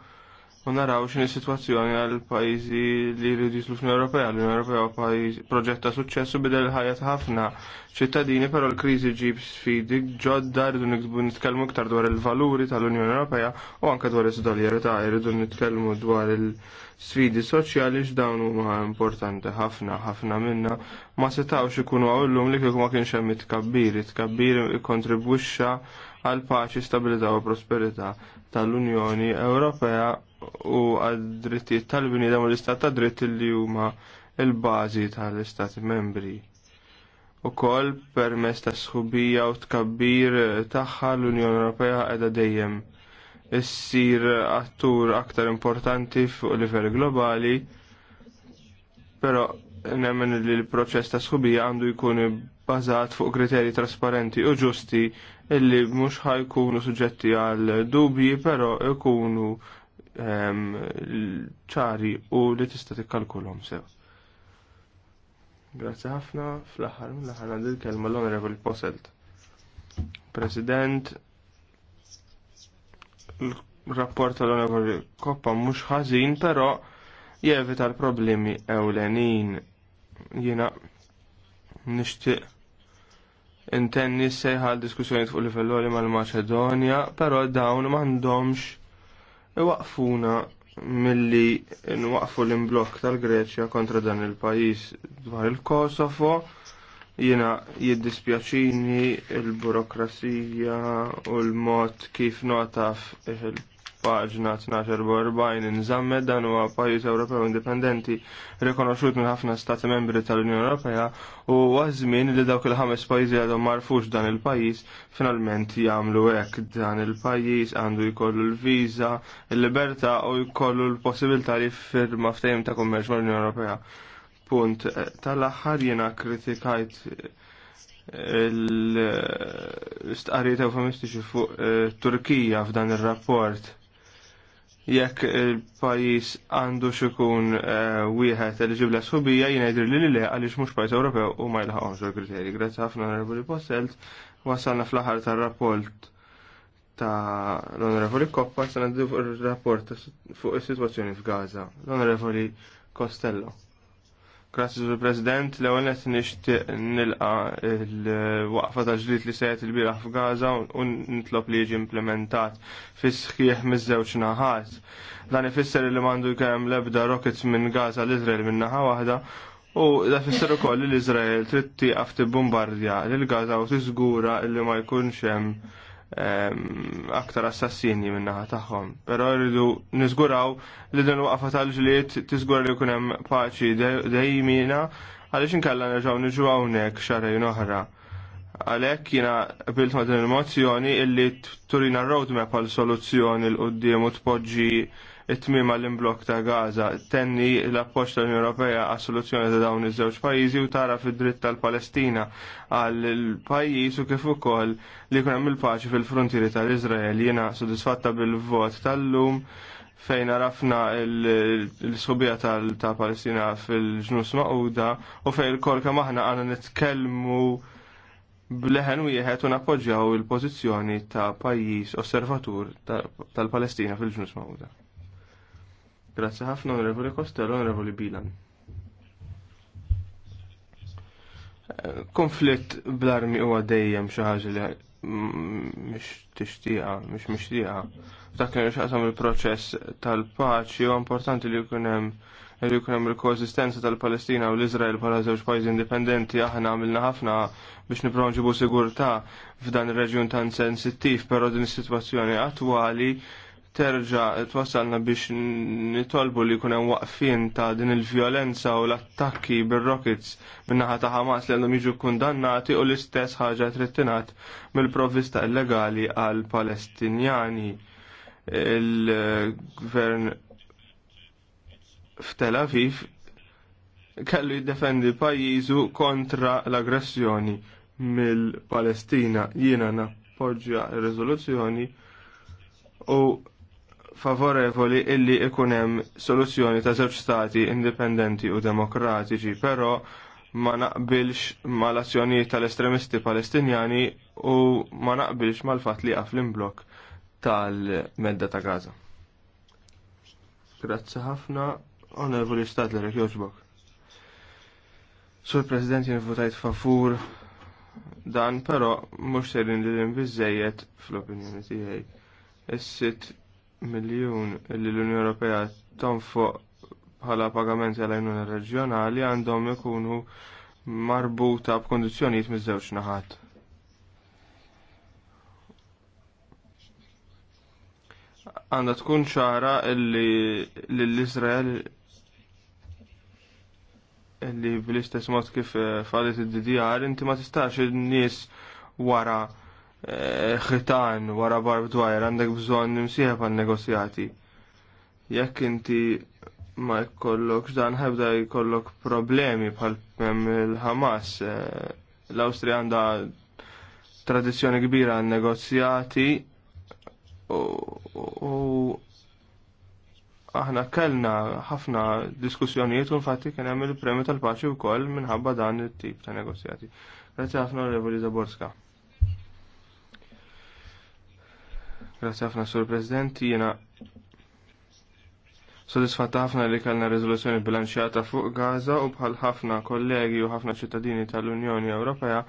u naraw xini situazzjoni għal pajjiżi li jridu jislu fl Ewropea. L-Unjoni Ewropea pajjiż proġetta ta' suċċessu bidel ħajat ħafna ċittadini, però l-kriżi ġib sfidi ġodda rridu nikbu nitkellmu iktar dwar il-valuri tal-Unjoni Ewropea u anke dwar is ta' rridu nitkellmu dwar il-sfidi soċjali x'dawn huma importanti ħafna ħafna minna ma setawx ikunu għawllum li kieku ma kienx hemm it-kabbir, it għal paċi, stabilità u prosperità tal-Unjoni Ewropea u għad drittijiet tal-bniedem u l-istat ta' dritt li huma il-bażi tal-istati membri. U koll permess ta' sħubija u tkabbir tagħha l-Unjoni Ewropea qiegħda dejjem issir attur aktar importanti fuq livell globali, però nemmen li l-proċess ta' sħubija għandu jkun bazat fuq kriterji trasparenti u ġusti illi mhux ħajkunu suġġetti għal dubji però ikunu ehm, ċari u li tista' tikkalkulhom sew. Grazzi ħafna fl-aħħar mill-aħħar għandil kelma l-Onorevoli Poselt. President, l-rapport tal-Onorevoli Koppa mhux ħażin, però jevita l-problemi ewlenin. Jiena nixtieq intenni sejħal diskussjoni fuq livelloli mal-Maċedonja, però dawn m'għandhomx waqfuna milli nwaqfu l-imblokk tal-Greċja kontra dan il-pajjiż dwar il-Kosovo jiena jiddispjaċini il-burokrazija u l-mod kif notaf il f'paġna 12-44 inżammed dan huwa pajjiż Ewropew indipendenti rikonoxxut minn ħafna stati membri tal-Unjoni Ewropea u żmien li dawk il-ħames pajjiżi għadhom marfux dan il-pajjiż finalment jagħmlu hekk dan il-pajjiż għandu jkollu l-viża, il-libertà u jkollu l-possibilità li firma ftehim ta' kummerċ mal-Unjoni Ewropea. Punt eh, tal-aħħar jiena kritikajt eh, l-istqarijiet eh, eufemistiċi fuq Turkija f'dan ir-rapport jekk il-pajis għandu xikun eh, wieħed eligibla sħubija jingħidir li le għaliex mhux pajjiż Ewropew u ma jlaħqhomx il-kriterji. Grazzi ħafna Onorevoli Posselt, wasalna fl-aħħar tar-rapport ta' l-Onorevoli Koppa, sanaddu ir-rapport fuq is-sitwazzjoni f'Gaza. L-Onorevoli Costello. Grazie, Sur President, l ewwel qed nixtieq nilqa il waqfa ta' ġdid li sejt il-bieraħ f'Gaza u nitlob li jiġi implementat fis sħiħ miż-żewġ naħat. Dan ifisser li mandu kemm l-ebda rockets minn Gaza l izrael minn naħa waħda U da fisser ukoll li l-Izrael trid tieqaf tibbombardja lil Gaza u tiżgura li ma jkunx hemm aktar assassini naħa tagħhom. Però rridu niżguraw li dan waqfa tal-ġlied tizgura li jkun hemm paċi dejjimina għaliex inkella nerġgħu niġu hawnhekk xarejn oħra. Għalhekk jiena bilt ma' din il-mozzjoni illi turina roadmap għal soluzzjoni l-qudiem u tpoġġi it-tmima l-imblok ta' Gaza tenni l-appoġġ tal-Unjoni Ewropea għas soluzzjoni ta' dawn iż-żewġ pajjiżi u tara fid-dritt tal-Palestina għal pajjiż u kif ukoll li jkun hemm il-paċi fil-frontieri tal-Iżrael jiena sodisfatta bil-vot tal-lum fejn arafna l-sobija ta' Palestina fil-ġnus maquda u fejn il-kolka maħna għana nitkellmu bleħen u jieħet u il-pozizjoni ta' pajjiż osservatur tal-Palestina fil-ġnus maquda. Grazzi ħafna onorevoli Costello, onorevoli Bilan. Konflitt bl-armi huwa dejjem xi ħaġa li mhix tixtieqa, mhix mixtieqa. Dak li il-proċess tal-paċi huwa importanti li jkun hemm li jkun hemm il-koesistenza tal-Palestina u l-Iżrael bħala żewġ pajjiżi indipendenti aħna għamilna ħafna biex nipprovaw nġibu sigurtà f'dan ir-reġjun tan sensittiv, però din is-sitwazzjoni attwali terġa twasalna biex nitolbu li kunem waqfin ta' din il-violenza u l-attakki bil-rockets minnaħa ta' Hamas li għandhom jiġu kundannati u l-istess ħaġa trittinat mill-provvista illegali għal palestinjani il-gvern f'Tel Aviv kellu jiddefendi pajizu kontra l-aggressjoni mill-Palestina jiena nappoġġja r-riżoluzzjoni u favorevoli illi ikunem soluzzjoni ta' żewġ stati indipendenti u demokratiċi, però ma naqbilx ma l-azzjonijiet tal-estremisti palestinjani u ma naqbilx ma l-fat li għaflim l tal-medda ta' Gaza. Grazzi ħafna, onorevoli stat l-rek joġbok. Sur President jien votajt favur dan, però mhux serin li l-inbizzejiet fl-opinjoni tiegħi. Essit miljun li l-Unjoni Ewropea tonfoq bħala pagamenti għal għajnuna reġjonali għandhom ikunu marbuta b'kondizzjonijiet miż-żewġ naħat. Għandha tkun ċara li l-Izrael li bl-istess mod kif eh, falet id-DDR inti ma tistax in-nies wara ħitan wara barbed wire għandek bżonn nimsiħa pan negozjati. Jekk inti ma jkollokx dan ħebda jkollok problemi bħal il-Hamas. Eh, L-Awstrija għandha tradizzjoni kbira għan negozjati u aħna kellna ħafna diskussjonijiet u fatti kien hemm il-premju tal-paċi wkoll minħabba dan it-tip ta' negozjati. Grazzi ħafna Onorevoli Zaborska. Grazie ħafna sur President, jiena Sodisfatta ħafna li kellna riżoluzzjoni bilanċjata fuq Gaza u bħal ħafna kollegi u ħafna ċittadini tal-Unjoni Ewropea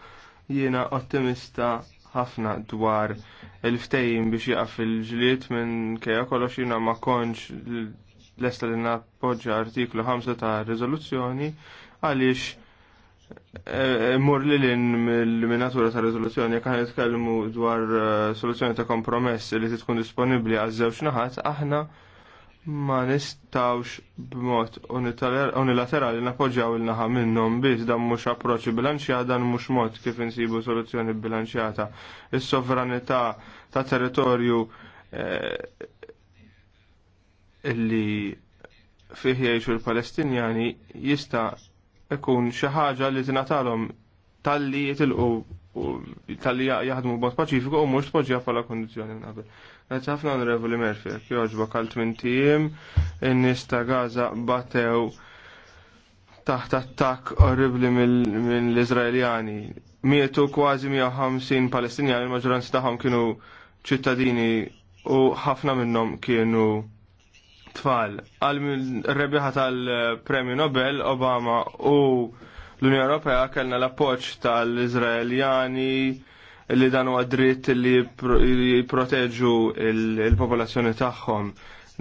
jiena ottimista ħafna dwar il-ftejn biex jaqaf il-ġlied minn kejja kollox jiena ma konċ lesta li nappoġġa artiklu 5 ta' riżoluzzjoni għaliex Mur li l-minatura ta' rezoluzjoni, jek għan dwar eh, soluzzjoni ta' kompromess li tkun disponibli għazzewx żewġ naħat, aħna ma nistawx b'mod unilaterali napoġġaw il-naħa minnhom biss dan mhux approċi bilanċjata dan mhux mod kif insibu soluzzjoni bilanċjata. Is-sovranità ta' territorju eh, li fih jgħixu l-Palestinjani jista' ikun xi ħaġa li tingħatalhom talli jitilqu talli jaħdmu b'mod paċifiku u mhux tpoġġija bħala kondizzjoni minn qabel. Grazzi ħafna Onorevoli Murphy, jekk jogħġbok għal tmien tim, in-nies ta' Gaza batew taħt attakk orribli mill-Iżraeljani. Mietu kważi 150 Palestinjani, maġġoranza tagħhom kienu ċittadini u ħafna minnhom kienu tfal għal rebiħa tal-Premju Nobel Obama u l-Unjoni Ewropea kellna l-appoġġ tal-Izraeljani li dan huwa dritt li jipproteġu il-popolazzjoni tagħhom.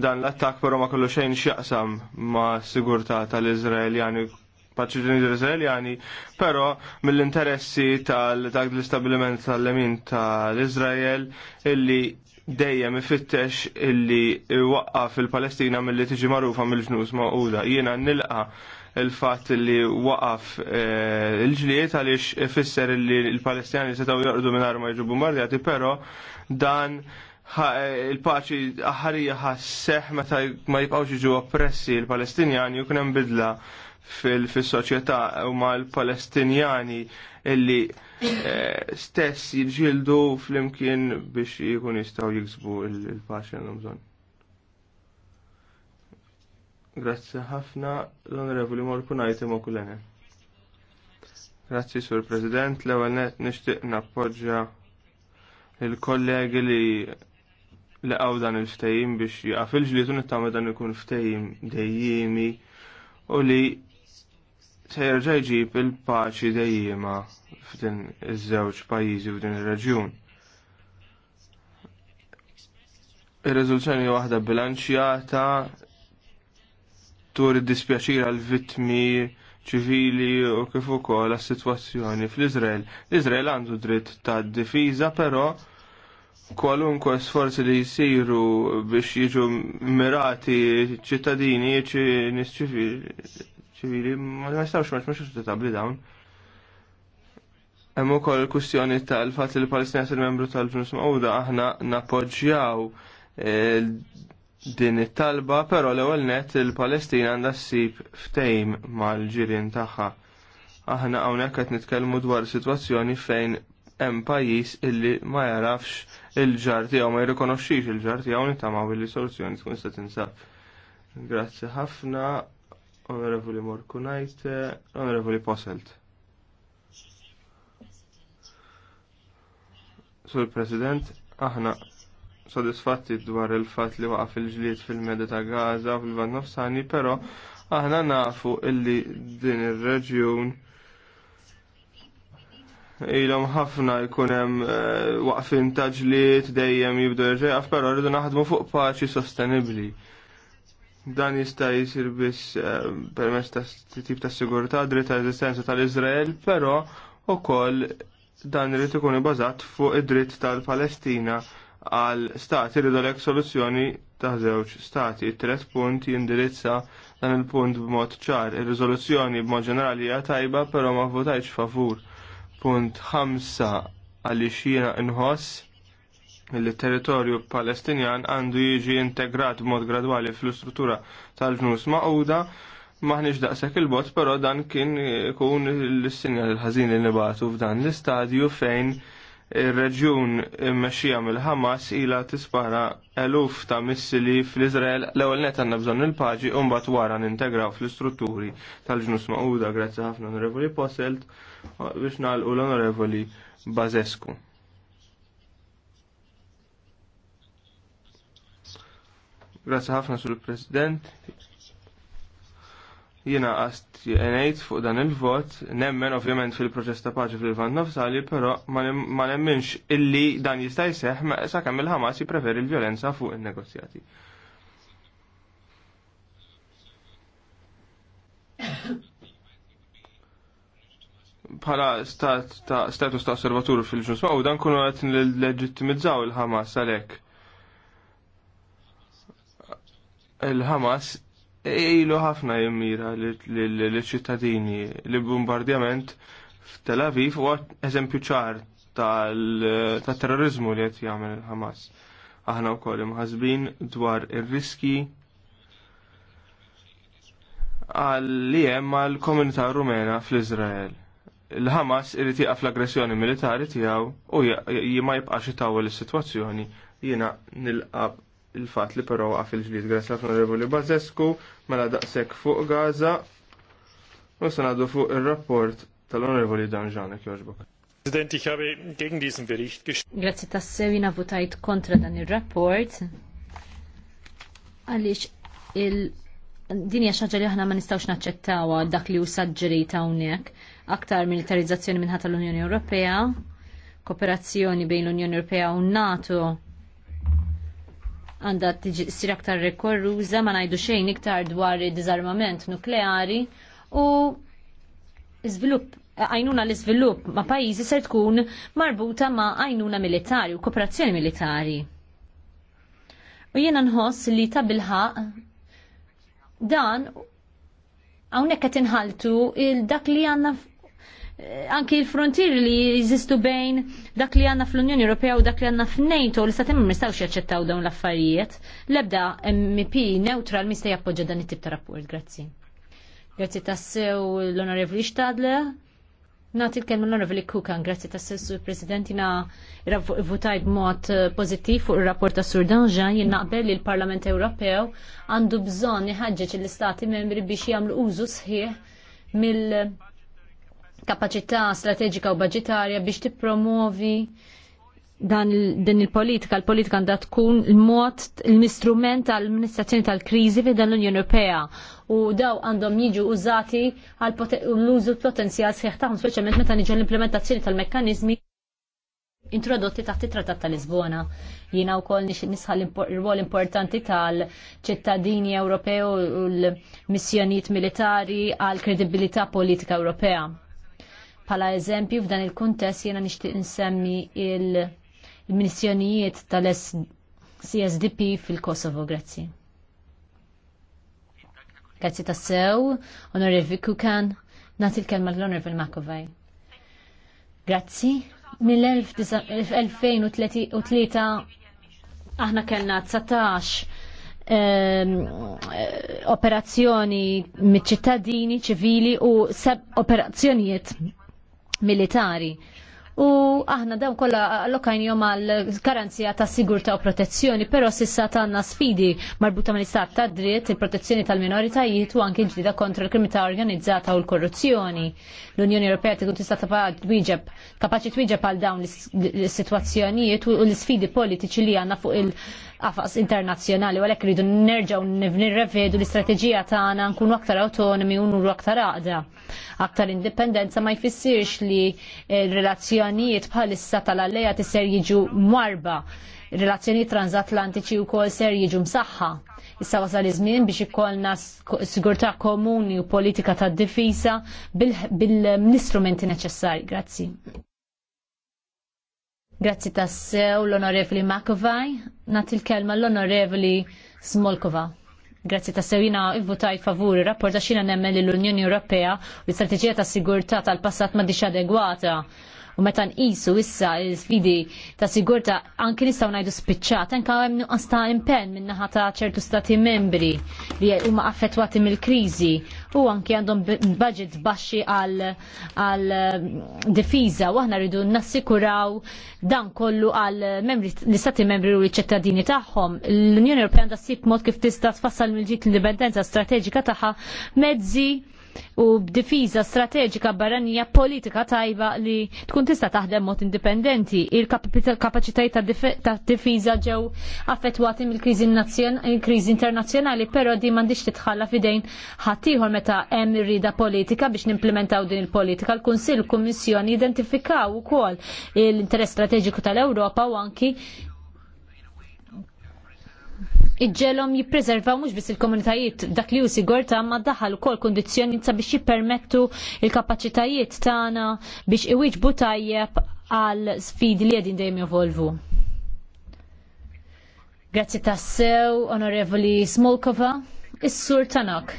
Dan l-attak però ma kollu xejn x'jaqsam ma' sigurtà tal-Iżraeljani paċiġini Iżraeljani, però mill-interessi tal-dak l-istabiliment tal-lemin tal-Iżrael illi dejjem ifittex illi waqqa fil-Palestina mill-li tiġi magħrufa mill-ġnus maquda. Jiena nilqa il-fatt li waqaf eh, il ġlijiet għaliex ifisser li l-Palestinjani setgħu jordu minn ma jiġu bombardjati, però dan eh, il-paċi aħarija ħasseħ meta ma jibqgħux jiġu oppressi l-Palestinjani u hemm bidla fil-soċjetà u l palestinjani illi Eh, stess jilġildu fl-imkien biex jikun jistaw jiksbu il-paċi għandhom bżonn. Grazzi ħafna l-Onorevoli Morku najti ma kullene. Grazzi Sur President, l-ewwel net nixtieq nappoġġa il-kollegi li laqgħu dan il-ftehim biex jaqaf il-ġlietu nittama dan ikun ftejim dejjimi u li se jerġa' jġib il-paċi dejjima f'din iż-żewġ pajjiżi u f'din ir-reġjun. Ir-riżoluzzjoni waħda bilanċjata turi id-dispjaċir għal vittmi ċivili u kif ukoll għas-sitwazzjoni fl-Iżrael. L-Iżrael għandu dritt ta' difiża però kwalunkwe sforzi li jsiru biex jiġu mirati ċittadini ċivili ma jistawx ma jistawx ma dawn. Hemm ukoll il-kwistjoni tal-fatt li Palestina sir membru tal-ġnus Mawda aħna nappoġġjaw eh, din it-talba, però l-ewwel net il-Palestina għandha ssib ftejm mal-ġirien tagħha. Aħna hawnhekk qed nitkellmu dwar sitwazzjoni fejn hemm pajjiż illi ma jarafx il-ġar tiegħu ma jirrikonoxxix il-ġar tiegħu nitamaw li soluzzjoni tkun se tinsab. Grazzi ħafna, Onorevoli Morkunajte, Onorevoli Poselt. Sur President, aħna sodisfatti dwar il-fat li waqaf il-ġlied fil-meda ta' Gaza fil-Van Nofsani, pero aħna nafu illi din ir-reġjun ilhom ħafna jkun hemm eh, waqfin ta' ġlied dejjem jibdu jirġejqaf, però rridu naħdmu fuq paċi sostenibbli. Dan jista' jsir biss eh, permezz ta' tip ta' sigurtà dritt ta' eżistenza tal-Iżrael, però ukoll dan irid ikun ibbażat fuq id-dritt tal-Palestina għal stati li dalek soluzzjoni ta' żewġ stati. Tres tret punt jindirizza dan il-punt b'mod ċar. Ir-riżoluzzjoni b'mod ġenerali hija tajba però ma votajx favur. Punt 5 għaliex jiena inħoss li territorju palestinjan għandu jiġi integrat b'mod gradwali fl-istruttura tal-ġnus maquda maħniġ daqsek il-bot, pero dan kien kun l-sinjal l ħazin li nibatu f'dan l-istadju fejn il-reġjun meċija mill-ħamas ila tispara eluf ta' missili fl-Izrael l ewwel net għanna bżon il-paġi un bat wara nintegraw fl-istrutturi tal-ġnus ma'uda grazzi ħafna onorevoli Poselt biex nalqu l-onorevoli Bazescu. Grazzi ħafna sul-President. Jina għast jenajt fuq dan il-vot, nemmen ovvjament fil-proċess ta' paċi fil vant nofsali, pero ma nemmenx illi dan jista' ma sa' kam il-Ħamas jipreferi l-violenza fuq il-negozjati. Bħala status ta' osservatur fil-ġus ma' u dan kunu għet leġittimizzaw il-Ħamas għalek. Il-Ħamas ilu ħafna jimmira l-ċittadini li bombardjament f'Tel Aviv huwa eżempju ċar tal-terrorizmu li qed jagħmel il-Ħamas. Aħna wkoll imħasbin dwar ir-riski għalli hemm għall komunità rumena fl izrael Il-Ħamas irid jaqaf l-aggressjoni militari tiegħu u ma jibqax itawwel is-sitwazzjoni jiena nilqab il-fat li però għaf il-ġlid għresa għal revoli Bazesku, mela daqsek fuq Gaza u sanadu fuq il-rapport tal-Onorevoli Danġan jogħġbok. President, ich habe gegen diesen Bericht gestimmt. Grazie tassew jina votajt kontra dan il-rapport għaliex il din hija xaġa li aħna ma nistgħux naċċettawha dak li usaġġeri hawnhekk aktar militarizzazzjoni minħata l-Unjoni Ewropea, kooperazzjoni bejn l-Unjoni Ewropea u NATO għandha tiġi aktar rekorruża ma ngħidu xejn iktar dwar id-diżarmament nukleari u zvilup, għajnuna l-iżvilupp ma' pajjiżi ser tkun marbuta ma' għajnuna militari u kooperazzjoni militari. U jiena nħoss li ta' bilħaq dan hawnhekk qed inħaltu il dak li għandna Eh, anki l-frontier li jizistu bejn dak li għanna fl-Unjoni Ewropea u dak li għanna f'NATO li satim mistawx jaċċettaw dawn l-affarijiet. Lebda MP neutral mista jappoġġa dan it-tip ta' rapport, grazzi. Grazzi tassew l-Onorevoli Stadler. Nati l-kelma l-Onorevoli Kukan, grazzi tassew su presidentina votajt b'mod eh, pozittiv fuq il-rapport ta' Sur Danġan jien naqbel li l-Parlament Ewropew għandu bżonn iħagġeġ l-Istati membri biex jagħmlu użu sħiħ mill- kapacità strateġika u budgetarja biex tippromovi dan din il-politika, l-politika għandha tkun il-mod, l-istrument tal-amministrazzjoni tal-kriżi fi dan l-Unjoni Ewropea u daw għandhom jiġu użati għal l-użu potenzjal sħiħ tagħhom, speċjalment meta niġu l-implementazzjoni tal-mekkaniżmi introdotti taħt it-Trattat ta' Lisbona. Jiena wkoll nix nisħal ir-rwol importanti tal-ċittadini Ewropew u l-missjonijiet militari għal kredibilità politika Ewropea Pala eżempju f'dan il-kuntest jena nixtieq insemmi il-missjonijiet tal-CSDP fil-Kosovo, grazzi. Grazzi tassew, onorevi Kukan, nati l-kelma l-onorevi Makovaj. Grazzi, mill-2003 aħna kellna 19 ehm, operazzjoni mit ċittadini ċivili u seb operazzjonijiet militari. U aħna dawn kollha allokajnjom għal garanzija ta' sigurta u protezzjoni, però sissa tanna sfidi marbuta mal-istat ta' dritt, il-protezzjoni tal-minoritajiet u anke ġdida kontra l krimita organizzata u l-korruzzjoni. L-Unjoni Ewropea tkun tista' twieġeb kapaċi twieġeb għal dawn l-sitwazzjonijiet u l-sfidi politiċi li għandna fuq il- għafas internazzjonali u għalhekk rridu nerġgħu nirrevedu l istrategija tagħna nkunu aktar autonomi u nuru aktar għaqda. Aktar indipendenza ma jfissirx li relazzjonijiet bħalissa tal-alleja tisser jiġu marba relazzjoni transatlantiċi u kol ser jiġu msaħħa. Issa wasal iż-żmien biex ikollna sigurtà komuni u politika tad-difisa bil-istrumenti neċessari. Grazzi. Grazzi tassew l-onorevli Makovaj, Nati l kelma l-onorevli Smolkova. Grazzi ta' sewina votaj favur rapport ta' xina nemmen l-Unjoni Ewropea u l strategija ta' sigurtà tal-passat ma' diċ adegwata U meta nqisu issa l-sfidi ta' sigurta anki nistgħu ngħidu spiċċat, anke hemm nuqqas ta' impenn min-naħa ta' ċertu stati membri li huma affettwati mill-kriżi u anki għandhom budget baxxi għal mm, difiża u aħna rridu nassikuraw dan kollu għal l-istati membri u l-ċittadini tagħhom. L-Unjoni Ewropea għandha ssib mod kif tista' tfassal mill-ġit l-indipendenza strateġika tagħha mezzi u b'difiża strateġika barranija politika tajba li tkun tista' taħdem mod indipendenti. Il-kapaċitajiet ta' difiża ġew affettwati mill-kriżi kriżi internazzjonali, però di m'għandix titħalla f'idejn ħaddieħor meta hemm rida politika biex nimplementaw din il-politika. L-Kunsill, il Kummissjoni identifikaw ukoll l-interess strateġiku tal-Ewropa u anki iġġelom jippreservaw mhux biss il-komunitajiet dak li hu sigurtà ma daħal ukoll kundizzjoni biex jippermettu il-kapaċitajiet tagħna biex iwieġbu tajjeb għal sfid li qegħdin dejjem jevolvu. Grazzi tassew, onorevoli Smolkova, is-sur tanak.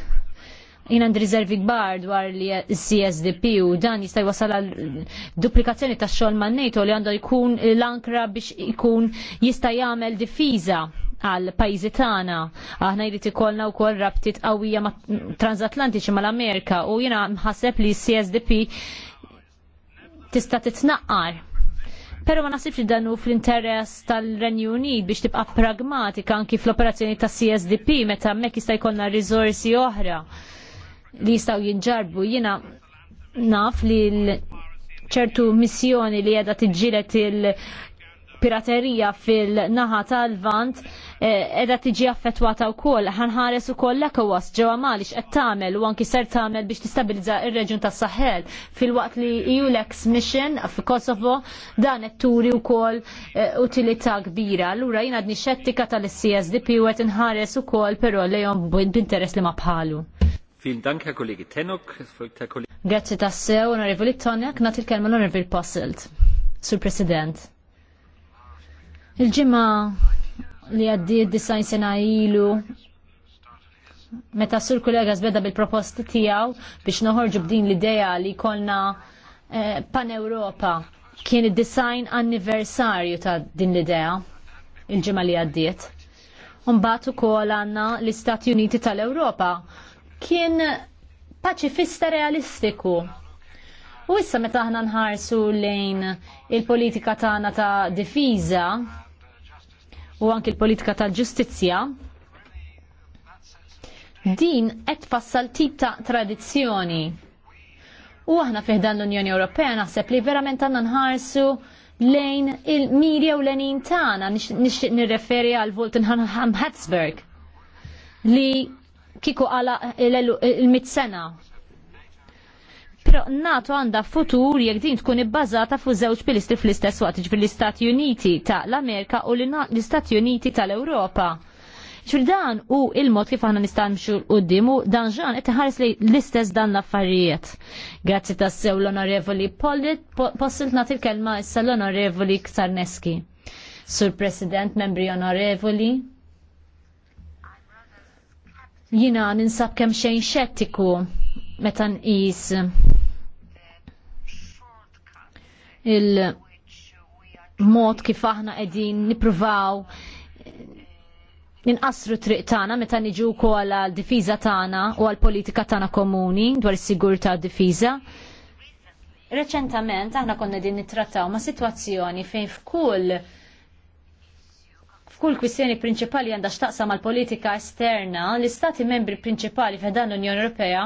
jina għandi riservi kbar dwar li CSDP u dan jista' wasal għal duplikazzjoni tax xogħol man NATO li għandu jkun l-ankra biex ikun jista' jagħmel difiza għal pajjiżi tagħna. Aħna jrid ikollna wkoll rabtiet qawwija ma' transatlantiċi mal-Amerika u jiena mħasseb li CSDP tista' titnaqqar. Pero ma nasibx li danu fl-interess tal-Renju Unit biex tibqa pragmatika anki fl-operazzjoni ta' CSDP meta hemmhekk jista' jkollna riżorsi oħra li jistgħu jinġarbu. Jiena naf li ċertu missjoni li qiegħda tiġġieled piraterija fil-naħa tal-vant eh, edha tiġi affettwata wkoll. Ħanħares ukoll l-ECOWAS ġewwa Mali x'qed tagħmel u għanki ser tagħmel biex tistabilizza ir reġun tas-Saħel fil-waqt li EULEX mission fi Kosovo dan qed turi wkoll eh, utilità kbira. Allura jien għadni xettika tal-CSDP u qed inħares ukoll però lejhom b'interess li ma bħalu. Fil Dank, kollegi Kollege Tenok. Grazie tassew, onorevoli Tonek. Nati il-kelma l-onorevoli Posselt. Sur President. Il-ġimma li għaddi disajn sena ilu meta sur kollega zbeda bil propost tijaw biex noħorġu b'din l-ideja li kolna eh, pan-Europa kien id disajn anniversarju ta' din l-idea il-ġimma li għaddiet. Umbat ukoll għandna l-Istati Uniti tal-Ewropa kien paċifista realistiku. U issa meta aħna nħarsu lejn il-politika tagħna ta', ta u anki l-politika tal-ġustizzja din qed tfassal tip ta' tradizzjoni. U aħna fiħdan l-Unjoni Ewropea naħseb li verament għandna nħarsu lejn il-mirja u l-enin tagħna nixtieq nirreferi għal Voltenham Hatzberg li kiku għala il-mit sena Però NATO għandha futur jekk din tkun ibbażata fuq żewġ pilistri fl-istess waqt ġifir l-Istati Uniti tal-Amerika u l-Istati Uniti tal-Ewropa. Ġifir dan u il-mod kif aħna nistgħu nimxu l qudiem u dan ġan qed iħares li l-istess dan l-affarijiet. Grazzi tassew l-Onorevoli Pollit, possilt nagħti l-kelma issa l-Onorevoli Ksarneski. Sur President, membri onorevoli, jina ninsab kemm xejn xettiku meta nqis il-mod kif aħna qegħdin nippruvaw inqasru triq tagħna meta niġu wkoll għal difiża tagħna u għal politika tagħna komuni dwar is-sigurtà difiża. Reċentament aħna konna din nittrattaw ma' sitwazzjoni fejn f'kull f'kull kwistjoni prinċipali għandha x'taqsam mal politika esterna, l-istati membri prinċipali f'dan l-Unjoni Ewropea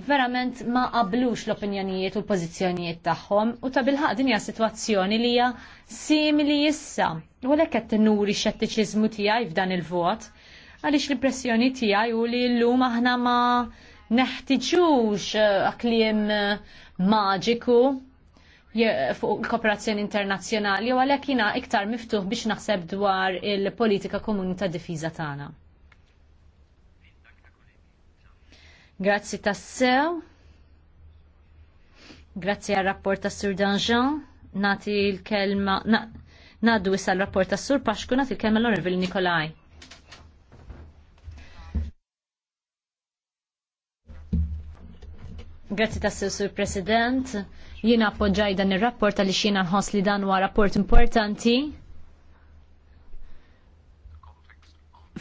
verament ma qablux l-opinjonijiet u l-pozizjonijiet tagħhom u ta' bilħaq din hija sitwazzjoni li hija simili issa. U għalhekk qed tinuri x-xettiċiżmu tiegħi f'dan il-vot għaliex l-impressjoni tiegħi u li llum aħna ma neħtiġux eh, akliem eh, maġiku fuq kooperazzjoni internazzjonali u għalhekk jiena iktar miftuħ biex naħseb dwar il-politika komuni ta' difiża tagħna. Grazzi tassew. Grazzi għal rapport tas Sur Danjean. Nati l-kelma, na, naddu issa l-rapport tas Sur Paxku, nati il kelma l-Onorevil Nikolaj. Grazzi tassew Sur President. Jiena appoġġaj dan ir-rapport għaliex jiena nħoss li dan huwa rapport importanti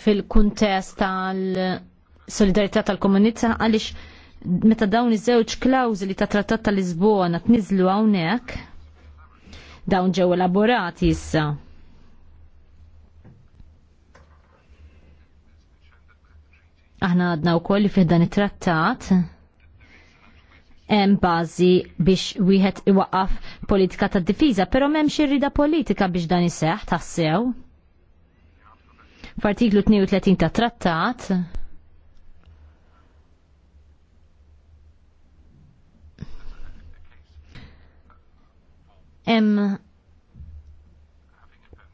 fil-kuntest tal- solidarità tal-komunità għaliex meta dawn iż-żewġ klawżi ta' trattat tal-Lisbona tniżlu hawnhekk dawn ġew elaborati issa. Aħna għadna wkoll li fih dan it-trattat hemm bażi biex wieħed iwaqqaf politika tad difiża, però m'hemmx irrida politika biex dan iseħħ tassew. F'artiklu 32 ta' trattat hemm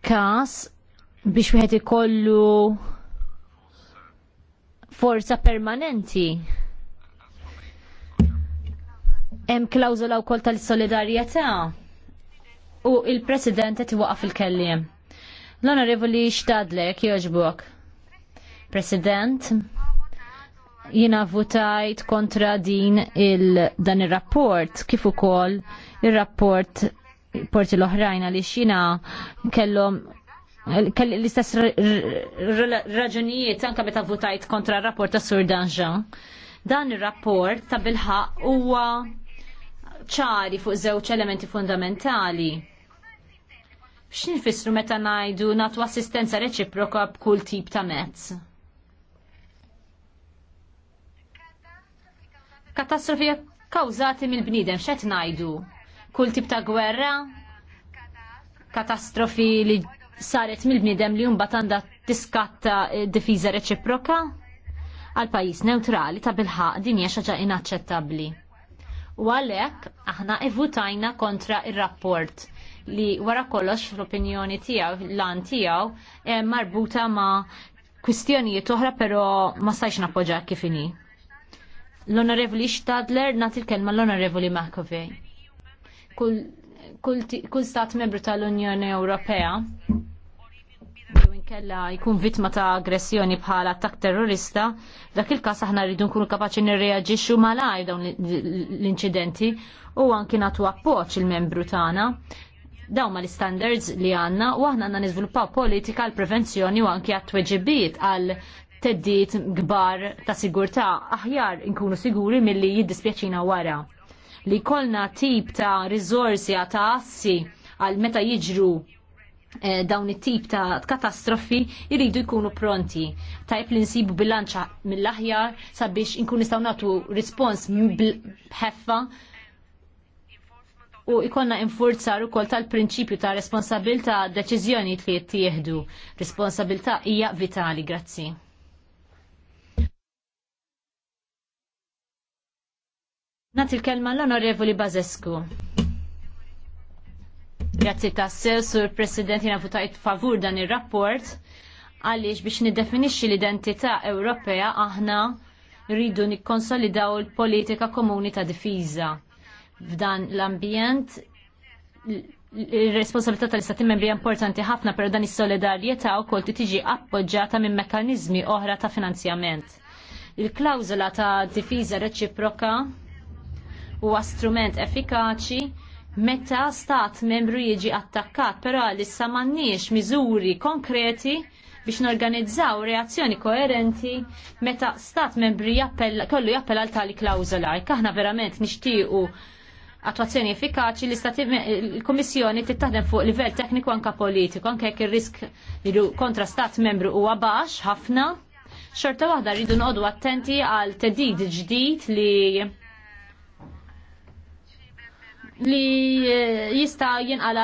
każ biex wieħed ikollu forza permanenti. Hemm klawżola wkoll tal-solidarjetà u il-President qed iwaqaf il-kelliem. L-Onorevoli Stadlek jogħġbok. President, jina votajt kontra din il dan ir rapport kif ukoll ir rapport porti l-oħrajn li xina kellhom kelli l-istess raġunijiet anka meta votajt kontra r-rapport ta' Sur Danjean. Dan ir-rapport ta' bilħaq huwa ċari fuq żewġ elementi fundamentali. X'infissru meta ngħidu nagħtu assistenza reċiproka b'kull tip ta' mezz? Katastrofi kawżati mill-bniedem x'qed ngħidu? kull tip ta' gwerra, katastrofi li saret mill-bnidem li jumbat għandha tiskatta eh, difiża reċiproka għal pajis neutrali ta' bilħaq din hija xaġa inaċċettabbli. U għalhekk aħna evutajna kontra ir-rapport li wara kollox l-opinjoni tiegħu lan tiegħu tijaw, eh, marbuta ma' kwistjonijiet oħra però ma sajx nappoġġa kif inhi. L-Onorevoli Stadler nagħti kelma l-Onorevoli Makovej kull stat membru tal-Unjoni Ewropea jew inkella jkun vittma ta' aggressjoni bħala attak terrorista, dak il-każ aħna rridu nkunu kapaċi nirreaġixxu malaj dawn l-inċidenti u anki nagħtu appoġġ il-membru tagħna dawn ma l-standards li għanna u aħna għanna niżviluppaw politika għal prevenzjoni u anke għat tweġibiet għal teddit gbar ta' sigurtà aħjar inkunu siguri milli jiddispjaċina wara li kolna tip ta' rizorsi ta' assi għal meta jiġru eh, dawn it-tip ta' katastrofi jridu jkunu pronti. Tajb li nsibu bilanċa mill-aħjar sabiex inkun nistaw nagħtu rispons bħeffa u ikonna infurzar ukoll tal-prinċipju ta' responsabilta' deċizjoni li jittieħdu. Responsabilta' hija vitali, grazzi. Nati l kelma l-Onorevoli Bazescu. Grazzi tassew, Sur President, jena futajt favur dan il-rapport għaliex biex niddefinixxi l-identità Ewropea aħna rridu nikkonsolidaw il-politika komuni ta' difiża. F'dan l-ambjent il-responsabilità tal-istati membri importanti ħafna però dan is-solidarjetà wkoll tiġi appoġġjata minn mekkaniżmi oħra ta' finanzjament. Il-klawżola ta' difiża reċiproka huwa strument effikaċi meta stat membru jiġi attakkat, però issa m'għandniex miżuri konkreti biex norganizzaw reazzjoni koerenti meta stat Membri jappella, kollu jappella għal tali klawzola. Aħna verament nixtiequ attuazzjoni effikaċi li stati l-Komissjoni tittaħdem fuq livell tekniku anka politiku, anke jekk ir-risk kontra stat membru huwa baxx ħafna. Xorta waħda rridu noqogħdu attenti għal tedid ġdid li li eh, jista jinqala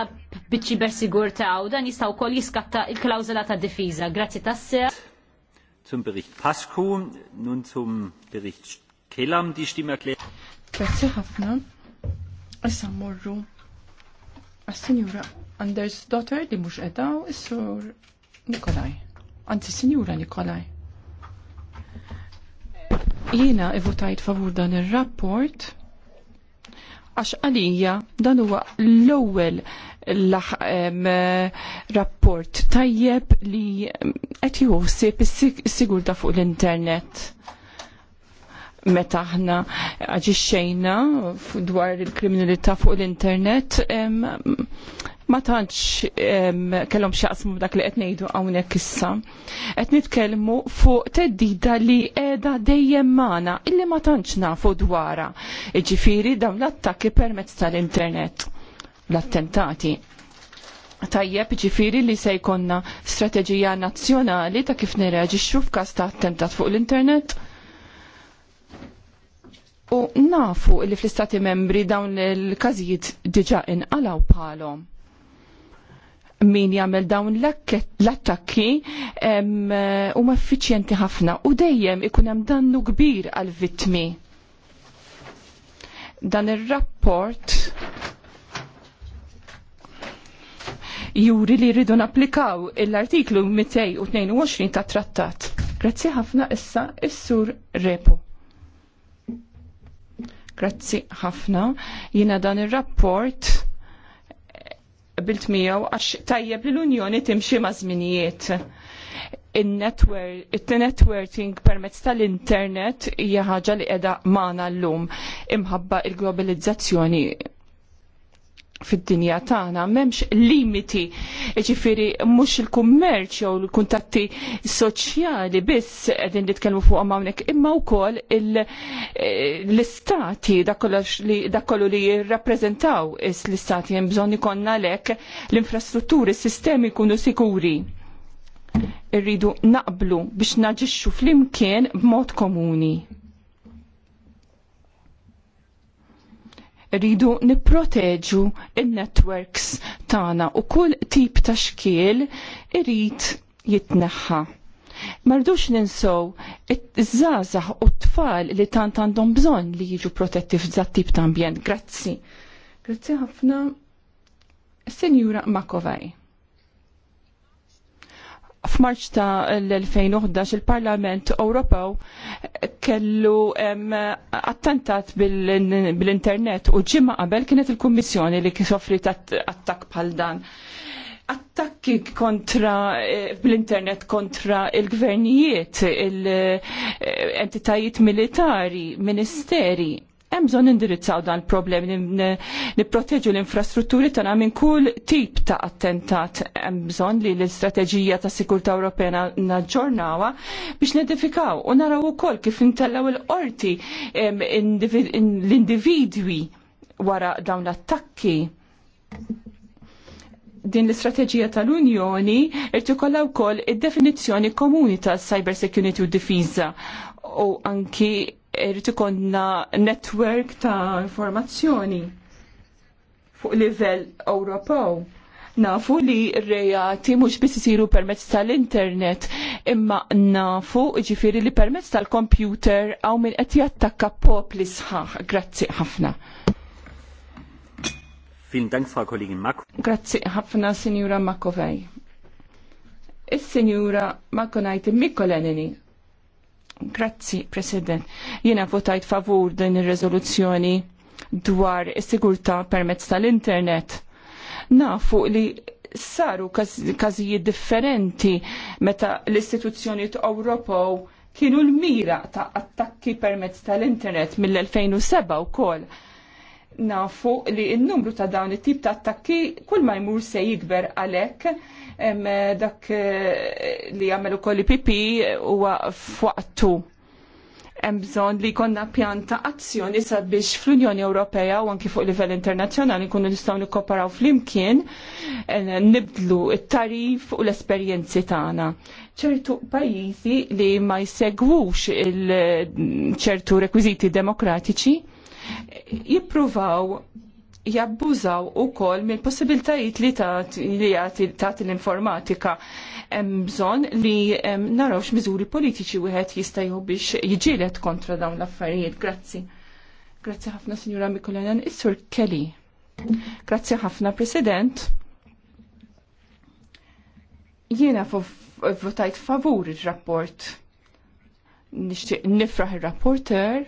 bieċiber sigurta u dan jista u koll jiskatta il-klawzula ta' difiża. Grazzi tassew. Zum Bericht Pasku, nun zum Bericht Kelam, di Stimme erklärt. Grazzi ħafna. Issa morru. Għas-Sinjura Anders Dotter li mux edaw, issur Nikolaj. Anzi, Sinjura Nikolaj. Jiena votajt favur dan il rapport għax għalija dan huwa l-ewwel rapport tajjeb li qed jħossib is-sigurta fuq l-internet meta aħna aġixxejna dwar il-kriminalità fuq l-internet ma tantx kellhom x'jaqsmu dak li qed ngħidu hawnhekk issa. Qed nitkellmu fuq teddida li qiegħda dejjem magħna illi ma tantx nafu dwara. iġifieri dawn l-attakki permezz tal-internet l-attentati. Tajjeb ġifiri li se jkonna strateġija nazzjonali ta' kif nirreġixxu f'każ ta' attentat fuq l-internet. U nafu li fl-istati membri dawn il każijiet diġa inqalaw palom min jagħmel dawn l-attakki eh, huma effiċjenti ħafna u dejjem ikun hemm dannu kbir għal vittmi. Dan ir-rapport juri li rridu napplikaw l-artiklu 222 ta' trattat. Grazzi ħafna issa is-sur Repo. Grazzi ħafna. Jiena dan ir-rapport bilt miegħu għax tajjeb li l-Unjoni timxi ma' żminijiet. Il-networking permezz tal-internet hija ħaġa li qiegħda magħna llum imħabba il-globalizzazzjoni fid-dinja tagħna m'hemmx limiti. Ġifieri mhux il-kummerċ jew l-kuntatti soċjali biss qegħdin nitkellmu fuq hawnhekk, imma wkoll l-istati dakollu li jirrappreżentaw l-istati hemm bżonn ikollna għalhekk l-infrastrutturi, s-sistemi jkunu sikuri. Irridu naqblu biex naġixxu flimkien b'mod komuni rridu nipproteġu il-networks tagħna u kull tip ta' xkiel irid jitneħħa. Mardux ninsow iż-żazax u t-tfal li tant għandhom bżonn li jiġu protetti f'dat tip ta' ambjent. Grazzi. Grazzi ħafna. Senjura Makovaj. F'Marċ ta' l-2011 il-Parlament Ewropew kellu attentat bil-internet u ġimma qabel kienet il-Kummissjoni li kisofri attak bħal dan. Attakki kontra eh, bl-internet kontra il-gvernijiet, il-entitajiet eh, militari, ministeri Hemm bżonn indirizzaw dan il problemi nipproteġu l-infrastrutturi tagħna minn kull tip ta' attentat. Hemm bżonn li l-istrateġija ta' sikurtà Ewropea naġġornawha biex nedifikaw u naraw ukoll kif intellaw il-qorti l-individwi wara dawn l-attakki din l-istrateġija tal-Unjoni ikollha wkoll id-definizzjoni komuni tal-cyber security u difiża u anki irrit ikonna netwerk ta' informazzjoni fuq livell Ewropew. Nafu li r-rejati mhux biss isiru permezz tal-internet, imma nafu ġifiri li permezz tal-kompjuter għaw min qed jattakka popli sħaħ. Grazzi ħafna. Fin dank fa' kollegin Mak. Grazzi ħafna, Sinjura Makovej. Is-Sinjura Makonajti Lenini. Grazzi, President. Jiena votajt favur din ir-rezoluzzjoni dwar is-sigurtà permezz tal-internet. Nafu li saru każijiet differenti meta l-istituzzjoni Ewropew kienu l-mira ta' attakki permezz tal-internet mill-2007 wkoll nafu li n-numru ta' dawn it-tip ta' attakki kull ma jmur se jikber għalek dak eh, li jagħmel ukoll pipi huwa f'waqtu. Hemm bżonn li jkollna pjanta azzjoni sabiex fl-Unjoni Ewropea u anki fuq livell internazzjonali nkunu nistgħu nikkoparaw flimkien eh, nibdlu t-tarif u l-esperjenzi tagħna. ċertu pajjiżi li ma jsegwux il-ċertu rekwiżiti demokratiċi jippruvaw jabbużaw u kol mill possibiltajiet li ta' l-informatika bżon li narawx miżuri politiċi wieħed jistajju biex jġilet kontra dawn l-affarijiet. Grazzi. Grazzi ħafna, Signora Mikolajan. Is-Sur Kelly. Grazzi ħafna, President. Jiena votajt favur il-rapport. Nixtieq nifraħ il-rapporter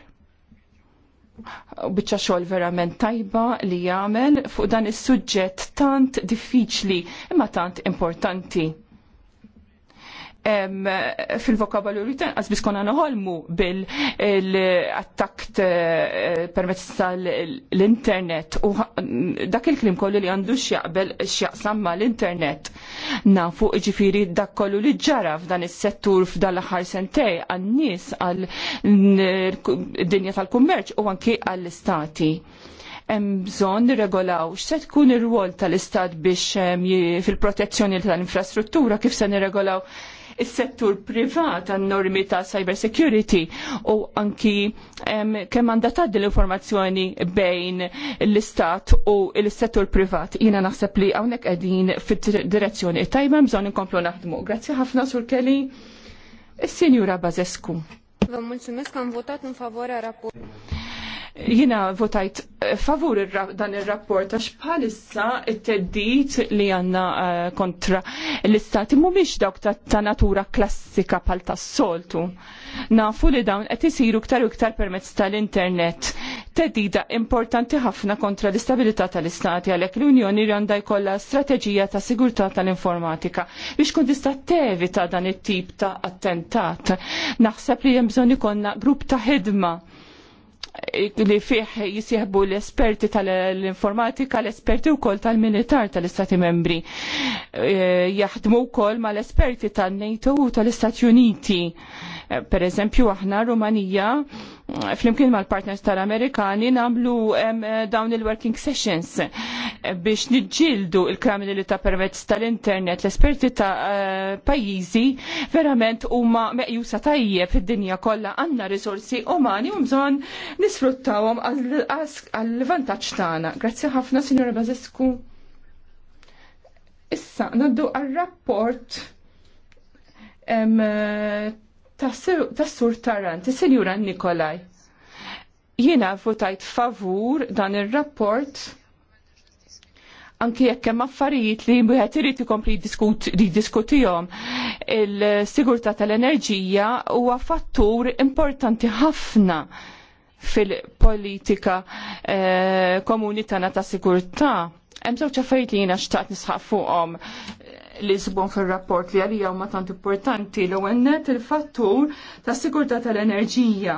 biċċa xogħol verament tajba li jagħmel fuq dan is-suġġett tant diffiċli imma tant importanti fil-vokabolju li tanqas biss konna noħolmu bil-attak eh, permezz tal-internet u dak il-klim kollu li għandu xjaqbel xjaqsam ma l-internet. Nafu ġifiri dak kollu li ġara f'dan is-settur f'dan l-aħħar sentej għan-nies għal-dinja tal-kummerċ u anki għall-istati hemm bżonn nirregolaw x'se tkun ir-rwol tal-istat biex fil-protezzjoni tal-infrastruttura kif se nirregolaw is-settur privat għan normi ta' cyber security u anki kemm għandha tgħaddi l-informazzjoni bejn l-istat u l-settur privat. Jiena naħseb li hawnhekk qegħdin fid-direzzjoni tajba bżonn inkomplu naħdmu. Grazzi ħafna sur Kelly. Is-Sinjura Bazescu. Vă mulțumesc kan votat în favoarea rapport. Jina votajt eh, favur dan il-rapport għax bħalissa it-teddit li għanna eh, kontra l-istati biex dawk ta' natura klassika pal tas soltu. Nafu li dawn qed isiru ktar u ktar permezz tal-internet. Teddida importanti ħafna kontra l-istabilità tal-istati għalhekk l-Unjoni għandha jkollha strateġija ta' sigurtà tal-informatika biex kun tista' tevita dan it-tip ta' attentat. Naħseb li hemm bżonn ikollna grupp ta' ħidma li fih jisieħbu l-esperti tal-informatika, l-esperti u kol tal-militar tal-Istati membri. E, jaħdmu u kol ma l-esperti tal-NATO u tal-Istati Uniti. E, per eżempju, aħna Rumanija flimkien mal-partners tal-Amerikani namlu dawn il-working sessions biex nġildu il-kriminalità permezz tal-internet l-esperti ta' eh, pajjiżi verament huma meqjusa tajjeb fid-dinja kollha għandna risorsi umani u bżonn nisfruttawhom għall-vantaġġ tagħna. Grazzi ħafna, Sinjora Bazescu. Issa, naddu għal-rapport tas-sur Tarant, is-Sinjura Nikolaj. Jiena votajt favur dan ir-rapport anki jekk hemm affarijiet li wieħed irid ikompli jiddiskutihom. Il-sigurtà tal-enerġija huwa fattur importanti ħafna fil-politika eh, komuni tagħna ta' sigurtà. Hemm żewġ affarijiet li jiena xtaqt nisħaq fuqhom li sbon fil-rapport li għalija u tant importanti l għennet il-fattur ta' sigurta tal-enerġija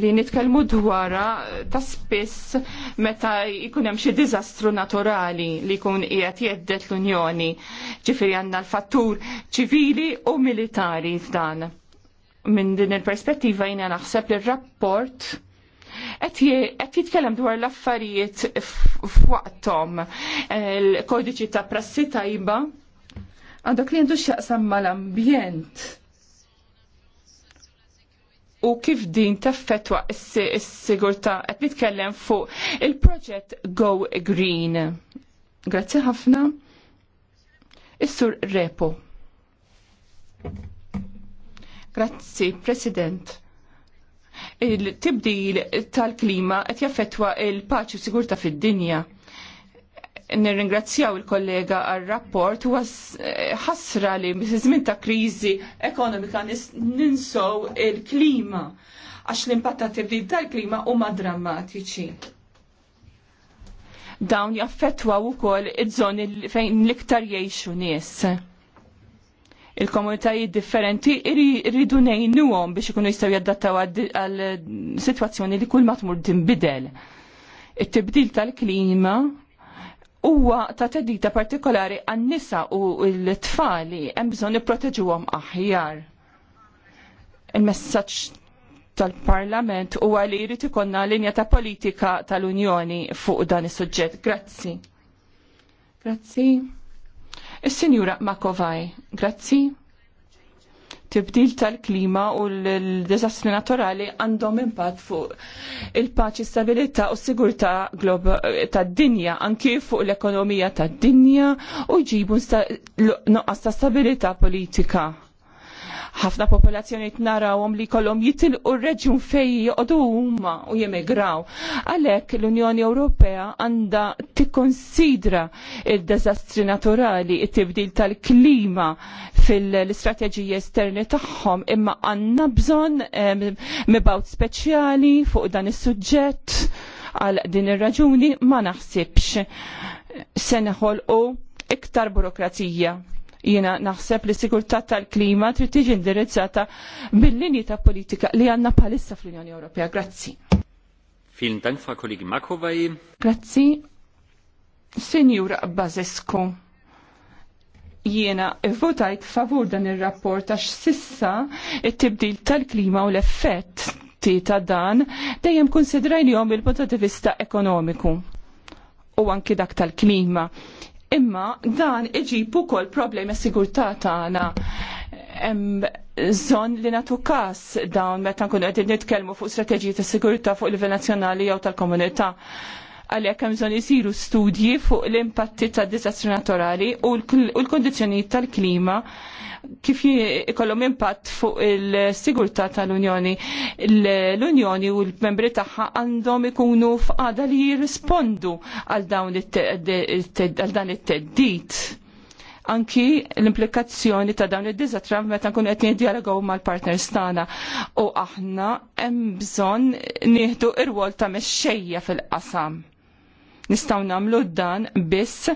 li nitkelmu dwara ta' spiss meta jkun hemm xi diżastru naturali li jkun qiegħed jeddet l-Unjoni. Ġifieri għandna l-fattur ċivili u militari f'dan. Minn din il-perspettiva jiena naħseb li r-rapport qed jitkellem dwar l-affarijiet f'waqthom il-kodiċi ta' prassi tajba għandok li jendu xaqsam mal-ambjent u kif din taffetwa s-sigurta qed nitkellem fuq il-proġett Go Green. Grazzi ħafna. Is-sur Repo. Grazzi, President il-tibdil tal-klima qed jaffettwa il-paċi u sigurta fid-dinja. Nirringrazzjaw il-kollega għal-rapport u ħasra li żmien ta' kriżi ekonomika ninsow il-klima għax l-impatt ta' tibdil tal-klima huma drammatiċi. Dawn jaffettwa ukoll iż-żoni fejn l-iktar jgħixu nies il-komunitajiet differenti irridu nejnuhom biex ikunu jistgħu jaddattaw għal sitwazzjoni li kull matmur tmur tinbidel. It-tibdil tal-klima huwa ta' tedita partikolari għan-nisa u l-tfali hemm bżonn nipproteġuhom aħjar. Il-messaġġ tal-Parlament huwa li jrid ikollna linja ta' politika tal-Unjoni fuq dan is-suġġett. Grazzi. Grazzi. Is-Sinjura Makovaj, grazzi. Tibdil tal-klima u l-dizastri naturali għandhom impatt fuq il-paċi, stabilità u s-sigurtà tad-dinja, anki fuq l-ekonomija tad-dinja u jġibu nuqqas ta' stabilità politika ħafna popolazzjoni narawhom li kollhom jitilqu r-reġjun fej joqogħdu huma u jemigraw. Għalhekk l-Unjoni Ewropea għandha tikkonsidra il-deżastri naturali, it-tibdil tal-klima fil-istrateġiji esterni tagħhom, imma għandna bżonn mibgħut speċjali fuq dan is-suġġett għal din ir-raġuni ma naħsibx se neħolqu iktar burokrazija Jiena naħseb li sigurtà tal-klima trid tiġi indirizzata bil-linji ta' politika li għandna bħalissa fl-Unjoni Ewropea. Grazzi. Vielen Dank, Frau Kollegin Makovaj. Grazzi. Signor Bazescu jiena votajt favur dan il-rapport għax sissa it-tibdil tal-klima u l-effett ta' dan dejjem konsidrajnihom il-punta di vista ekonomiku u anki dak tal-klima. Imma dan iġib ukoll problemi s-sigurtà tagħna. Zon li natu kas dawn meta nkunu qegħdin nitkellmu fuq strateġiji ta' sigurtà fuq livell nazzjonali jew tal-komunità għalhekk hemm bżonn isiru studji fuq l-impatti ta' diżastri naturali u l kundizzjonijiet tal-klima kif ikollhom impatt fuq il-sigurtà tal-Unjoni. L-Unjoni u l-membri tagħha għandhom ikunu f'qada li jirrispondu għal dawn għal dan it-teddit anki l-implikazzjoni ta' dawn id-dizatra meta nkunu qed niddialogaw mal-partners tagħna. U aħna hemm bżonn nieħdu ir wol ta' mexxejja fil-qasam. Nistaw namlu dan biss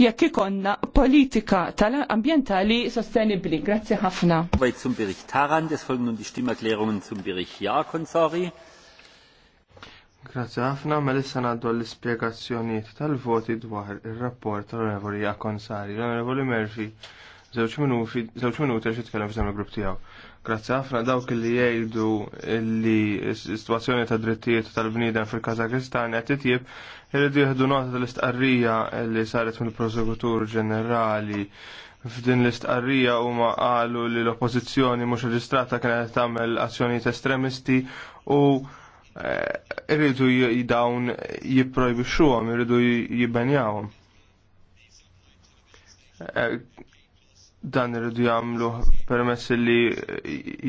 jekk ikonna politika tal-ambientali sostenibli. Grazzi ħafna. Weit zum Bericht Tarand, es folgen nun die Stimmerklärungen zum Bericht sorry. Grazzi ħafna, ma lissa naddu l ispiegazzjoni tal-voti dwar il-rapport tal-Onorevoli Sari. L-Onorevoli Murphy, zewċ minuti xie tkellem f'żem il-grupp tijaw. Grazzi ħafna dawk li jgħidu li s-situazzjoni ta' drittijiet tal-bniedem fil-Kazakistan qed titjib irridu jieħdu nota tal-istqarrija li saret mill-Prosekutur Ġenerali. F'din l-istqarrija huma qalu li l-oppożizzjoni mhux reġistrata kienet tagħmel azzjonijiet estremisti u eh, irridu dawn jipprojbixxuhom, irridu jibbenjawhom eh, dan irridu jagħmlu permess li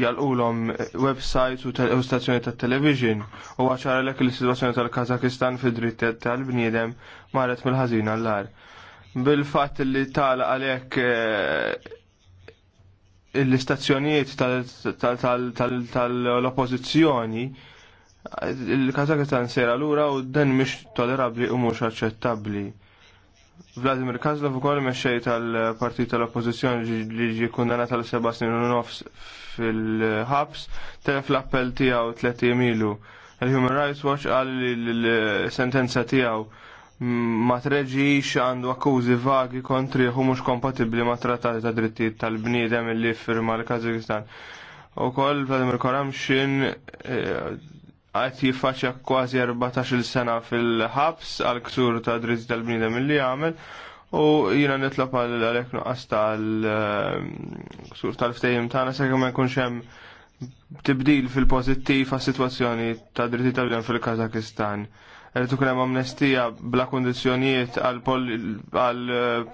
jalqulhom website u stazzjoni tat television u għaxar lek li situazzjoni tal-Kazakistan fi dritt tal-bniedem marret mill-ħażin għall-ar. Bil-fatt li tala għalhekk eh, l-istazzjonijiet tal-oppożizzjoni eh, il-Kazakistan sejra lura u dan mhix tolerabbli u mhux aċċettabbli Vladimir Kazlov ukoll mexxej tal-Partit tal-Oppożizzjoni li ġie kundanat għal seba' snin u nofs fil-ħabs, telef l-appell tiegħu 30 ilu. Il-Human Rights Watch qal li l-sentenza tiegħu ma treġix għandu akkużi vagi kontri u mhux kompatibbli ma' trattati ta' drittijiet tal-bniedem li firma l-Kazakistan. U Vladimir Karamxin eh, għat jiffaċċja kważi 14 sena fil-ħabs għal ksur ta' dritt tal-bniedem li għamel u jina nitlob għal għalek nuqqas tal-ksur tal-ftejim tagħna sakemm ma jkunx hemm tibdil fil pozittiv għas situazzjoni ta' dritti tal bnida fil-Kazakistan. Rritu ukoll hemm amnestija bla kundizzjonijiet għal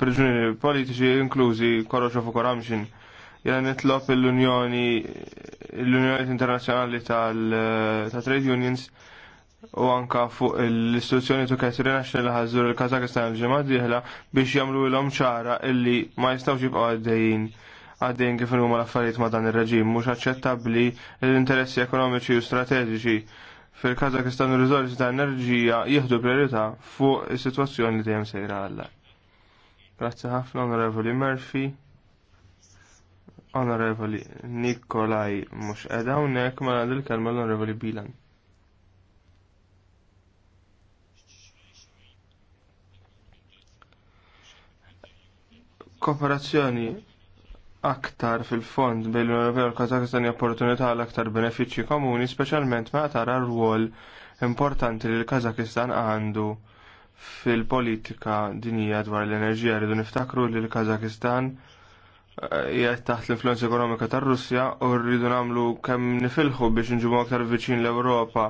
priġunieri politiċi inklużi korroċo u Koramxin jena nitlob l-Unjoni l-Unjoni Internazzjonali tal-Trade Unions u anka fuq l-istituzzjoni tu Katrina l ħazzur il-Kazakistan il-ġemma diħla biex jamlu l-om ċara illi ma jistawġi bqa għaddejjin għaddejn kif huma l-affarijiet ma dan ir-reġim mhux aċċettabbli l-interessi ekonomiċi u strategiċi fil-Kazakistan u riżorsi ta' enerġija jieħdu priorità fuq is-sitwazzjoni li dejjem sejra għalla. Grazzi ħafna Onorevoli Murphy. Onorevoli Nikolaj mux edha unnek ma mela għadil kelma l-Onorevoli Bilan. Kooperazzjoni aktar fil-fond bejn l-Unjoni u Kazakistan opportunità għal aktar benefiċċji komuni, speċjalment ma tara rwol importanti li l-Kazakistan għandu fil-politika dinija dwar l-enerġija rridu niftakru li l-Kazakistan jgħet taħt l-influenza ekonomika tar russja u rridu namlu kemm nifilħu biex nġibu aktar viċin l-Ewropa.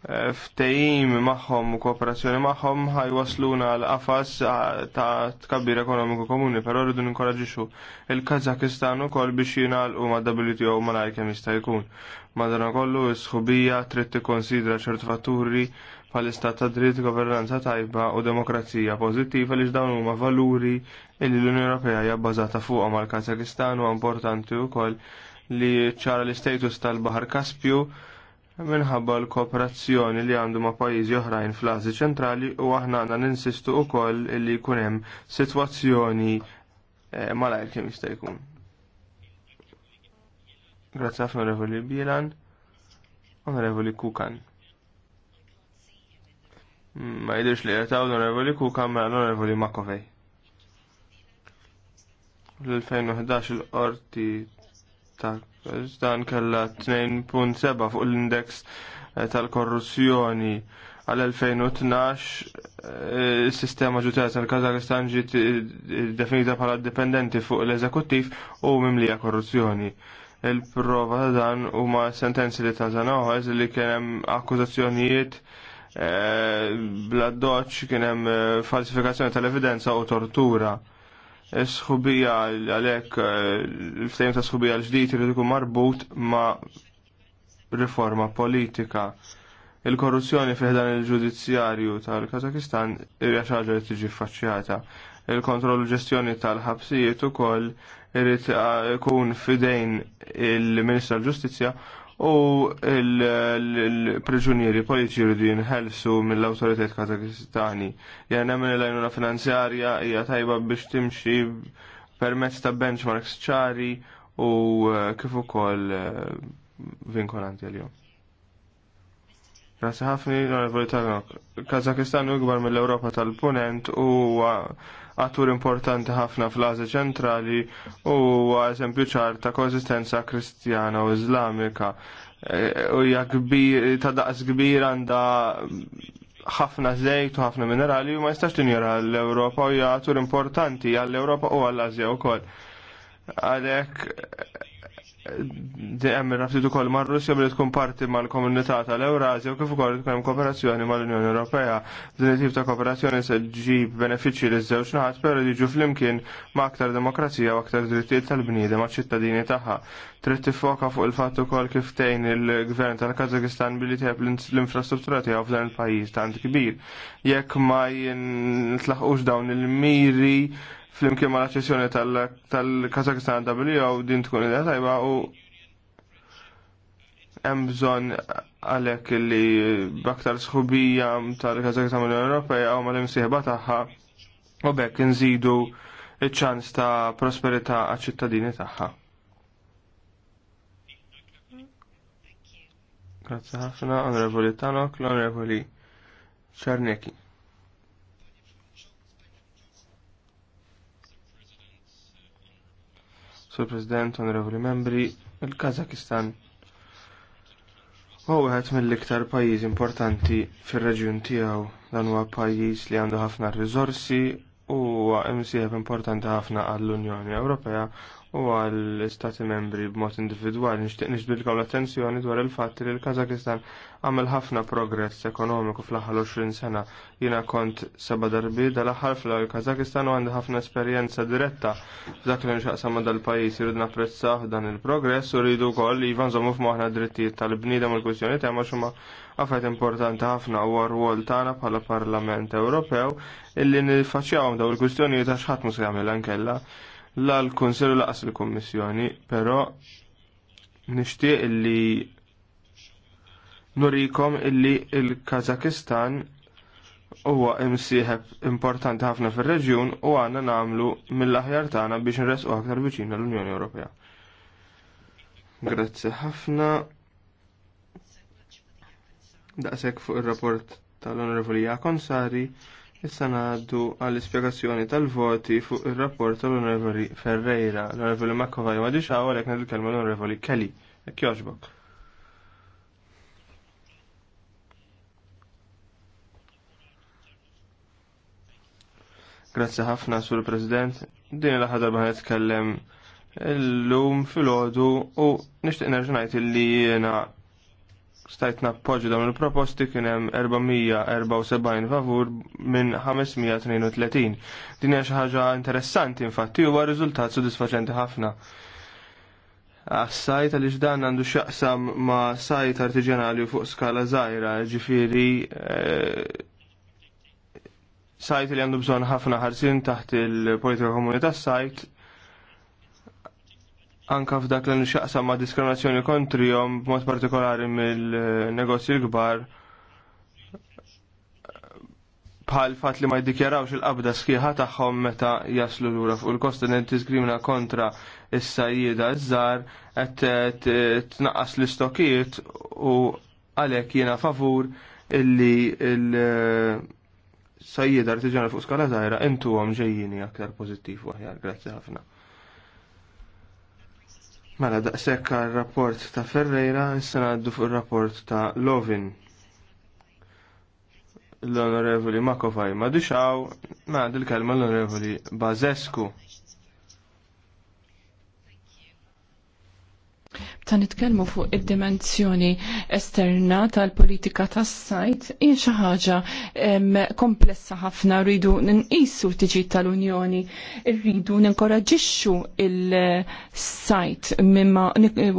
E, Ftejim magħhom u kooperazzjoni magħhom ħajwasluna l-qafas ta' tkabbir ekonomiku komuni, però rridu ninkoraġixxu il-Kazakistan ukoll biex jingħalqu ma' WTO malajr kemm jista' jkun. kollu is-sħubija trid tikkonsidra ċertu fatturi bħal-istat ta' dritt governanza tajba u demokrazija pożittiva li dawn huma valuri illi l-Unjoni Ewropea hija bbażata fuqhom mal Kazakistan huwa importanti wkoll li ċara l-istatus tal-Baħar Kaspju minħabba l-kooperazzjoni li għandu ma' pajjiżi oħrajn fl-Asi ċentrali u aħna għandna ninsistu wkoll li jkun hemm sitwazzjoni eh, malajr kemm jista' jkun. Grazzi ħafna Onorevoli Bielan, Onorevoli Kukan. Ma jidirx li l onorevoli ku kamra onorevoli Makovej. L-2011 l-qorti ta' dan kalla 2.7 fuq l-index eh, tal-korruzzjoni għal-2012 eh, il-sistema ġudizzjarja tal-Kazakistan ġiet eh, definita bħala dipendenti fuq l-eżekuttiv u mimlija korruzzjoni. Il-prova ta' dan huma sentenzi li ta' Zanoħez li kien hemm akkużazzjonijiet Eh, bladdoċ kien hemm eh, falsifikazzjoni tal-evidenza u tortura. Sħubija għalhekk eh, il-ftehim ta' sħubija l-ġdid irid ikun marbut ma' riforma politika. Il-korruzzjoni fih dan il-ġudizzjarju tal-Kazakistan irja xaġa li tiġi faċċjata. Il-kontroll ġestjoni tal-ħabsijiet ukoll irid ikun fidejn il-Ministra l-Ġustizzja u l-preġunieri politiċi jridu jinħelsu mill-autoritet kazakistani. Jena minn l-għajnuna finanzjarja hija tajba biex timxi permezz ta' benchmarks ċari u eh, kif ukoll eh, vinkolanti għal-jom. Grazie ħafni, l-għarvoli Kazakistan u mill-Europa tal-punent u attur importanti ħafna fl-Azja ċentrali u eżempju ċar ta' konsistenza kristjana u iżlamika. E, u kbir ta' daqs kbir għandha ħafna żejt u ħafna minerali u ma jistax tinjora l-Ewropa u hija attur importanti għall-Ewropa u għall-Azja wkoll. Għalhekk Dejjem raftit ukoll ma' Russja billi tkun parti mal-komunità tal-Ewrazja u kif ukoll tkun hemm kooperazzjoni mal-Unjoni Ewropea. Din it-tip ta' kooperazzjoni se ġib benefiċċji li żewġ naħat, però jiġu flimkien ma' aktar demokrazija u aktar drittijiet tal-bniedem maċ ċittadini tagħha. Trid tifoka fuq il-fatt ukoll kif tgħin il-gvern tal-Kazakistan billi tieħeb l-infrastruttura tiegħu f'dan il-pajjiż tant kbir. Jekk ma jintlaħqux dawn il-miri flimkien mal aċċessjoni tal-Kazakistan tal W din tkun id tajba u hemm bżonn għalhekk li baktar sħubija tal-Kazakistan mill Ewropea u mal-imsieħba tagħha u bekk nżidu iċ-ċans ta' prosperità għaċ-ċittadini tagħha. Grazie ħafna, onorevoli Tanok, l-onorevoli Czarnecki. Sur President, Onorevoli Membri, il-Kazakistan u għet mill-iktar pajjiż importanti fir-reġjun tiegħu. Dan huwa pajjiż li għandu ħafna rizorsi u huwa imsieħeb importanti ħafna għall-Unjoni Ewropea u għal istati membri b'mod individwali nixtieq nixbilkaw l-attenzjoni dwar il-fatt li l-Kazakistan għamel ħafna progress ekonomiku fl-aħħar 20 sena. Jiena kont seba darbi dal-aħħar fl-Kazakistan u għandi ħafna esperjenza diretta f'dak li nxaqsam ma dal-pajjiż irid napprezzah dan il-progress u rridu wkoll iva nżommu f'moħħna drittijiet tal-bniedem u l-kwistjoni tema xumma għafet importanti ħafna u għol tagħna bħala Parlament Ewropew illi nifaċjawhom daw il-kwistjonijiet għax ħadd mhux jagħmel ankella la l-Konsil laqas l-Kommissjoni, però nixtieq li nurikom illi il-Kazakistan huwa imsieħeb importanti ħafna fir-reġjun u għanna nagħmlu mill-aħjar tagħna biex nresqu aktar viċin l-Unjoni Ewropea. Grazzi ħafna. Daqshekk fuq ir-rapport tal-Onorevoli Jakon Sari Issa ngħaddu għall ispjegazzjoni tal-voti fuq ir-rapport tal-Onorevoli Ferreira. L-Onorevoli Makkovaj ma diċ għaw għalek nadu kelma l-Onorevoli Kelly. Jekk jogħġbok. Grazzi ħafna sur President. Din l-ħadda darba nitkellem l-lum fil-ħodu u nishtiq nerġunajt li jena stajt nappoġġu dawn il-proposti kien hemm 474 favur minn 532. Din hija xi ħaġa interessanti infatti huwa riżultat sodisfaċenti ħafna. Għas-sajt għaliex dan għandu x'jaqsam ma' sajt artiġjanali fuq skala żgħira, ġifieri eh, sajt li għandu bżonn ħafna ħarsin taħt il-politika komuni tas-sajt anka f'dak li xaqsa ma' diskriminazzjoni kontrihom b'mod partikolari mill-negozji l-kbar bħal fat li ma jiddikjarawx il-qabda sħiħa tagħhom meta jaslu lura fuq il-kosta li tiskrimina kontra is-sajjieda iż-żar qed tnaqqas l istokiet u għalhekk jiena favur illi il-sajjieda artiġjana fuq skala żgħira intuhom ġejjini aktar pożittiv aħjar. Grazzi ħafna. Mela daqshekk għar-rapport ta' Ferreira issa ngħaddu fuq ir-rapport ta' Lovin. L-Onorevoli Makovaj ma dixaw, ma' dil-kelma l-Onorevoli Bazescu. Ta' nitkellmu fuq id-dimensjoni esterna tal-politika tas-sajt hija xi ħaġa komplessa ħafna rridu nqisu tiġi tal-Unjoni, rridu ninkoraġixxu il-sajt mimma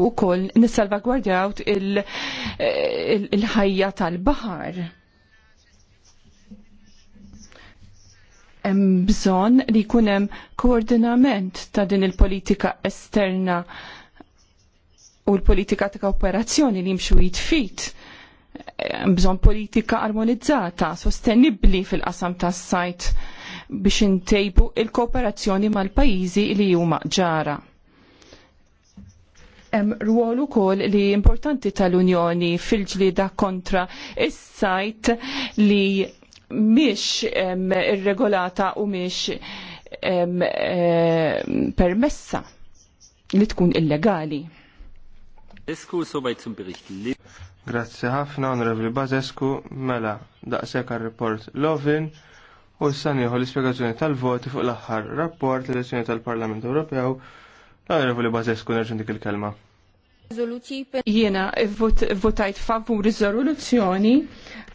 ukoll nissalvagwardjaw il-ħajja tal-baħar. Hemm bżonn li jkun hemm koordinament ta' din il-politika esterna u l-politika ta' kooperazzjoni li jimxu jitfit bżon politika armonizzata, sostenibli fil-qasam tas sajt biex intejbu il-kooperazzjoni mal-pajizi li huma ġara. Hemm ruol ukoll li importanti tal-Unjoni fil-ġlida kontra is-sajt li mhix irregolata u mhix permessa li tkun illegali Basescu, zum Bericht Grazzi ħafna, Onorevoli Bazescu, mela, daqsek għal-report Lovin, u s-saniħu l-ispiegazzjoni tal-voti fuq l-axħar rapport l-elezzjoni tal-Parlament Ewropew, Onorevoli Bazescu, nerġun dik il-kelma. Jiena votajt favur riżoluzzjoni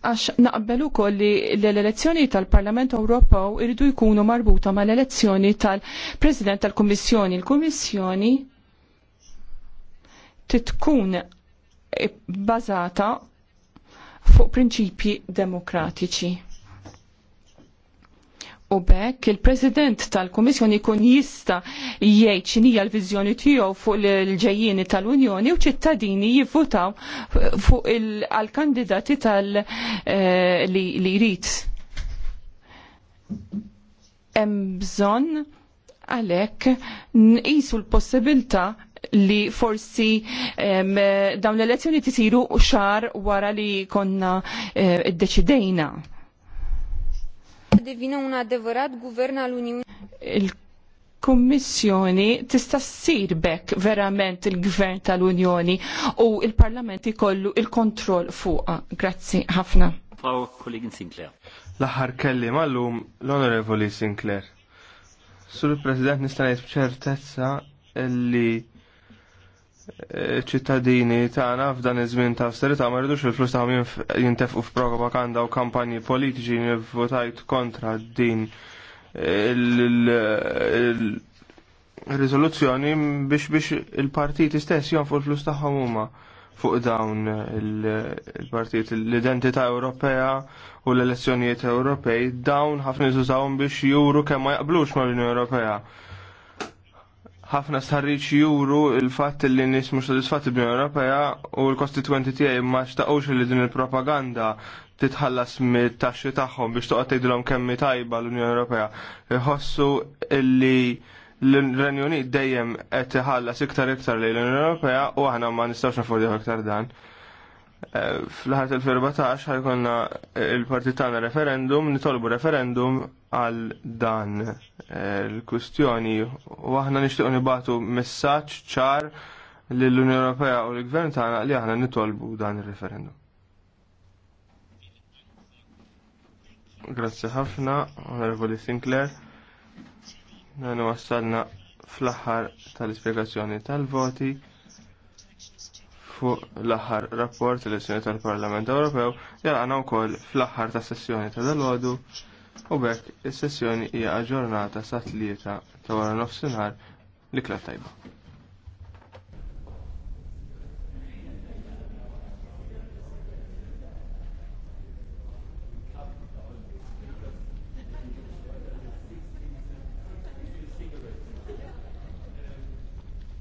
għax naqbel ukoll li l-elezzjoni tal-Parlament Ewropew irridu jkunu marbuta mal-elezzjoni tal-President tal-Kummissjoni. l kummissjoni titkun bazata fuq prinċipji demokratiċi. U bekk il-President tal-Komissjoni jkun jista' jgħid x'inhija l-viżjoni tiegħu fuq l-ġejjieni tal-Unjoni u ċittadini jivvutaw fuq għal-kandidati tal- eh, li jrid. Hemm bżonn għalhekk nqisu l-possibilità li forsi dawn l-elezzjoni tisiru xar wara li konna id-deċidejna. Eh, Divina un adevărat guvern al Uniunii kummissjoni tista' ssir bekk verament il-Gvern tal-Unjoni u il-Parlament ikollu il-kontroll fuqha. Grazzi ħafna. Frau Kollegin Sinclair. L-aħħar kelli mallum l-Onorevoli Sinclair. Sur President nista' ngħid b'ċertezza li ċittadini tagħna f'dan iż-żmien ta' austerità ma rridux il-flus tagħhom jintefqu f'propaganda u kampanji politiċi nivvotajt kontra din il-riżoluzzjoni biex biex il-partiti stess jonfu l-flus tagħhom huma fuq dawn il partit l-identità Ewropea u l-elezzjonijiet Ewropej dawn ħafna jużawhom biex juru kemm ma jaqblux mal-Unjoni Ewropea ħafna sħarriċ juru il-fatt li nis mux soddisfatti b'Unjoni Ewropea u l-kostituenti tiegħi ma xtaqux li din il-propaganda titħallas mit-taxxi tagħhom biex toqgħod tgħidilhom kemm tajba l-Unjoni Ewropea. Iħossu li l-Renju Unit dejjem qed iħallas iktar iktar lejn l-Unjoni Ewropea u aħna ma nistgħux nafu iktar dan fl-ħar tal-2014 ħajkonna il-partit tagħna referendum, nitolbu referendum għal dan il-kustjoni eh, u aħna nixtiequ nibatu messaġġ ċar lill-Unjoni Ewropea u l-Gvern tagħna li aħna nitolbu dan ir-referendum. Grazzi ħafna, Onorevoli Sinclair. Nanu wassalna fl-aħħar tal-ispjegazzjoni tal-voti fuq l-aħħar rapport elezzjoni tal-Parlament Ewropew jalqana wkoll fl-aħħar ta' sessjoni ta' dalodu u bekk is-sessjoni hija aġġornata sa tlieta ta' wara nofsinhar li ikla tajba.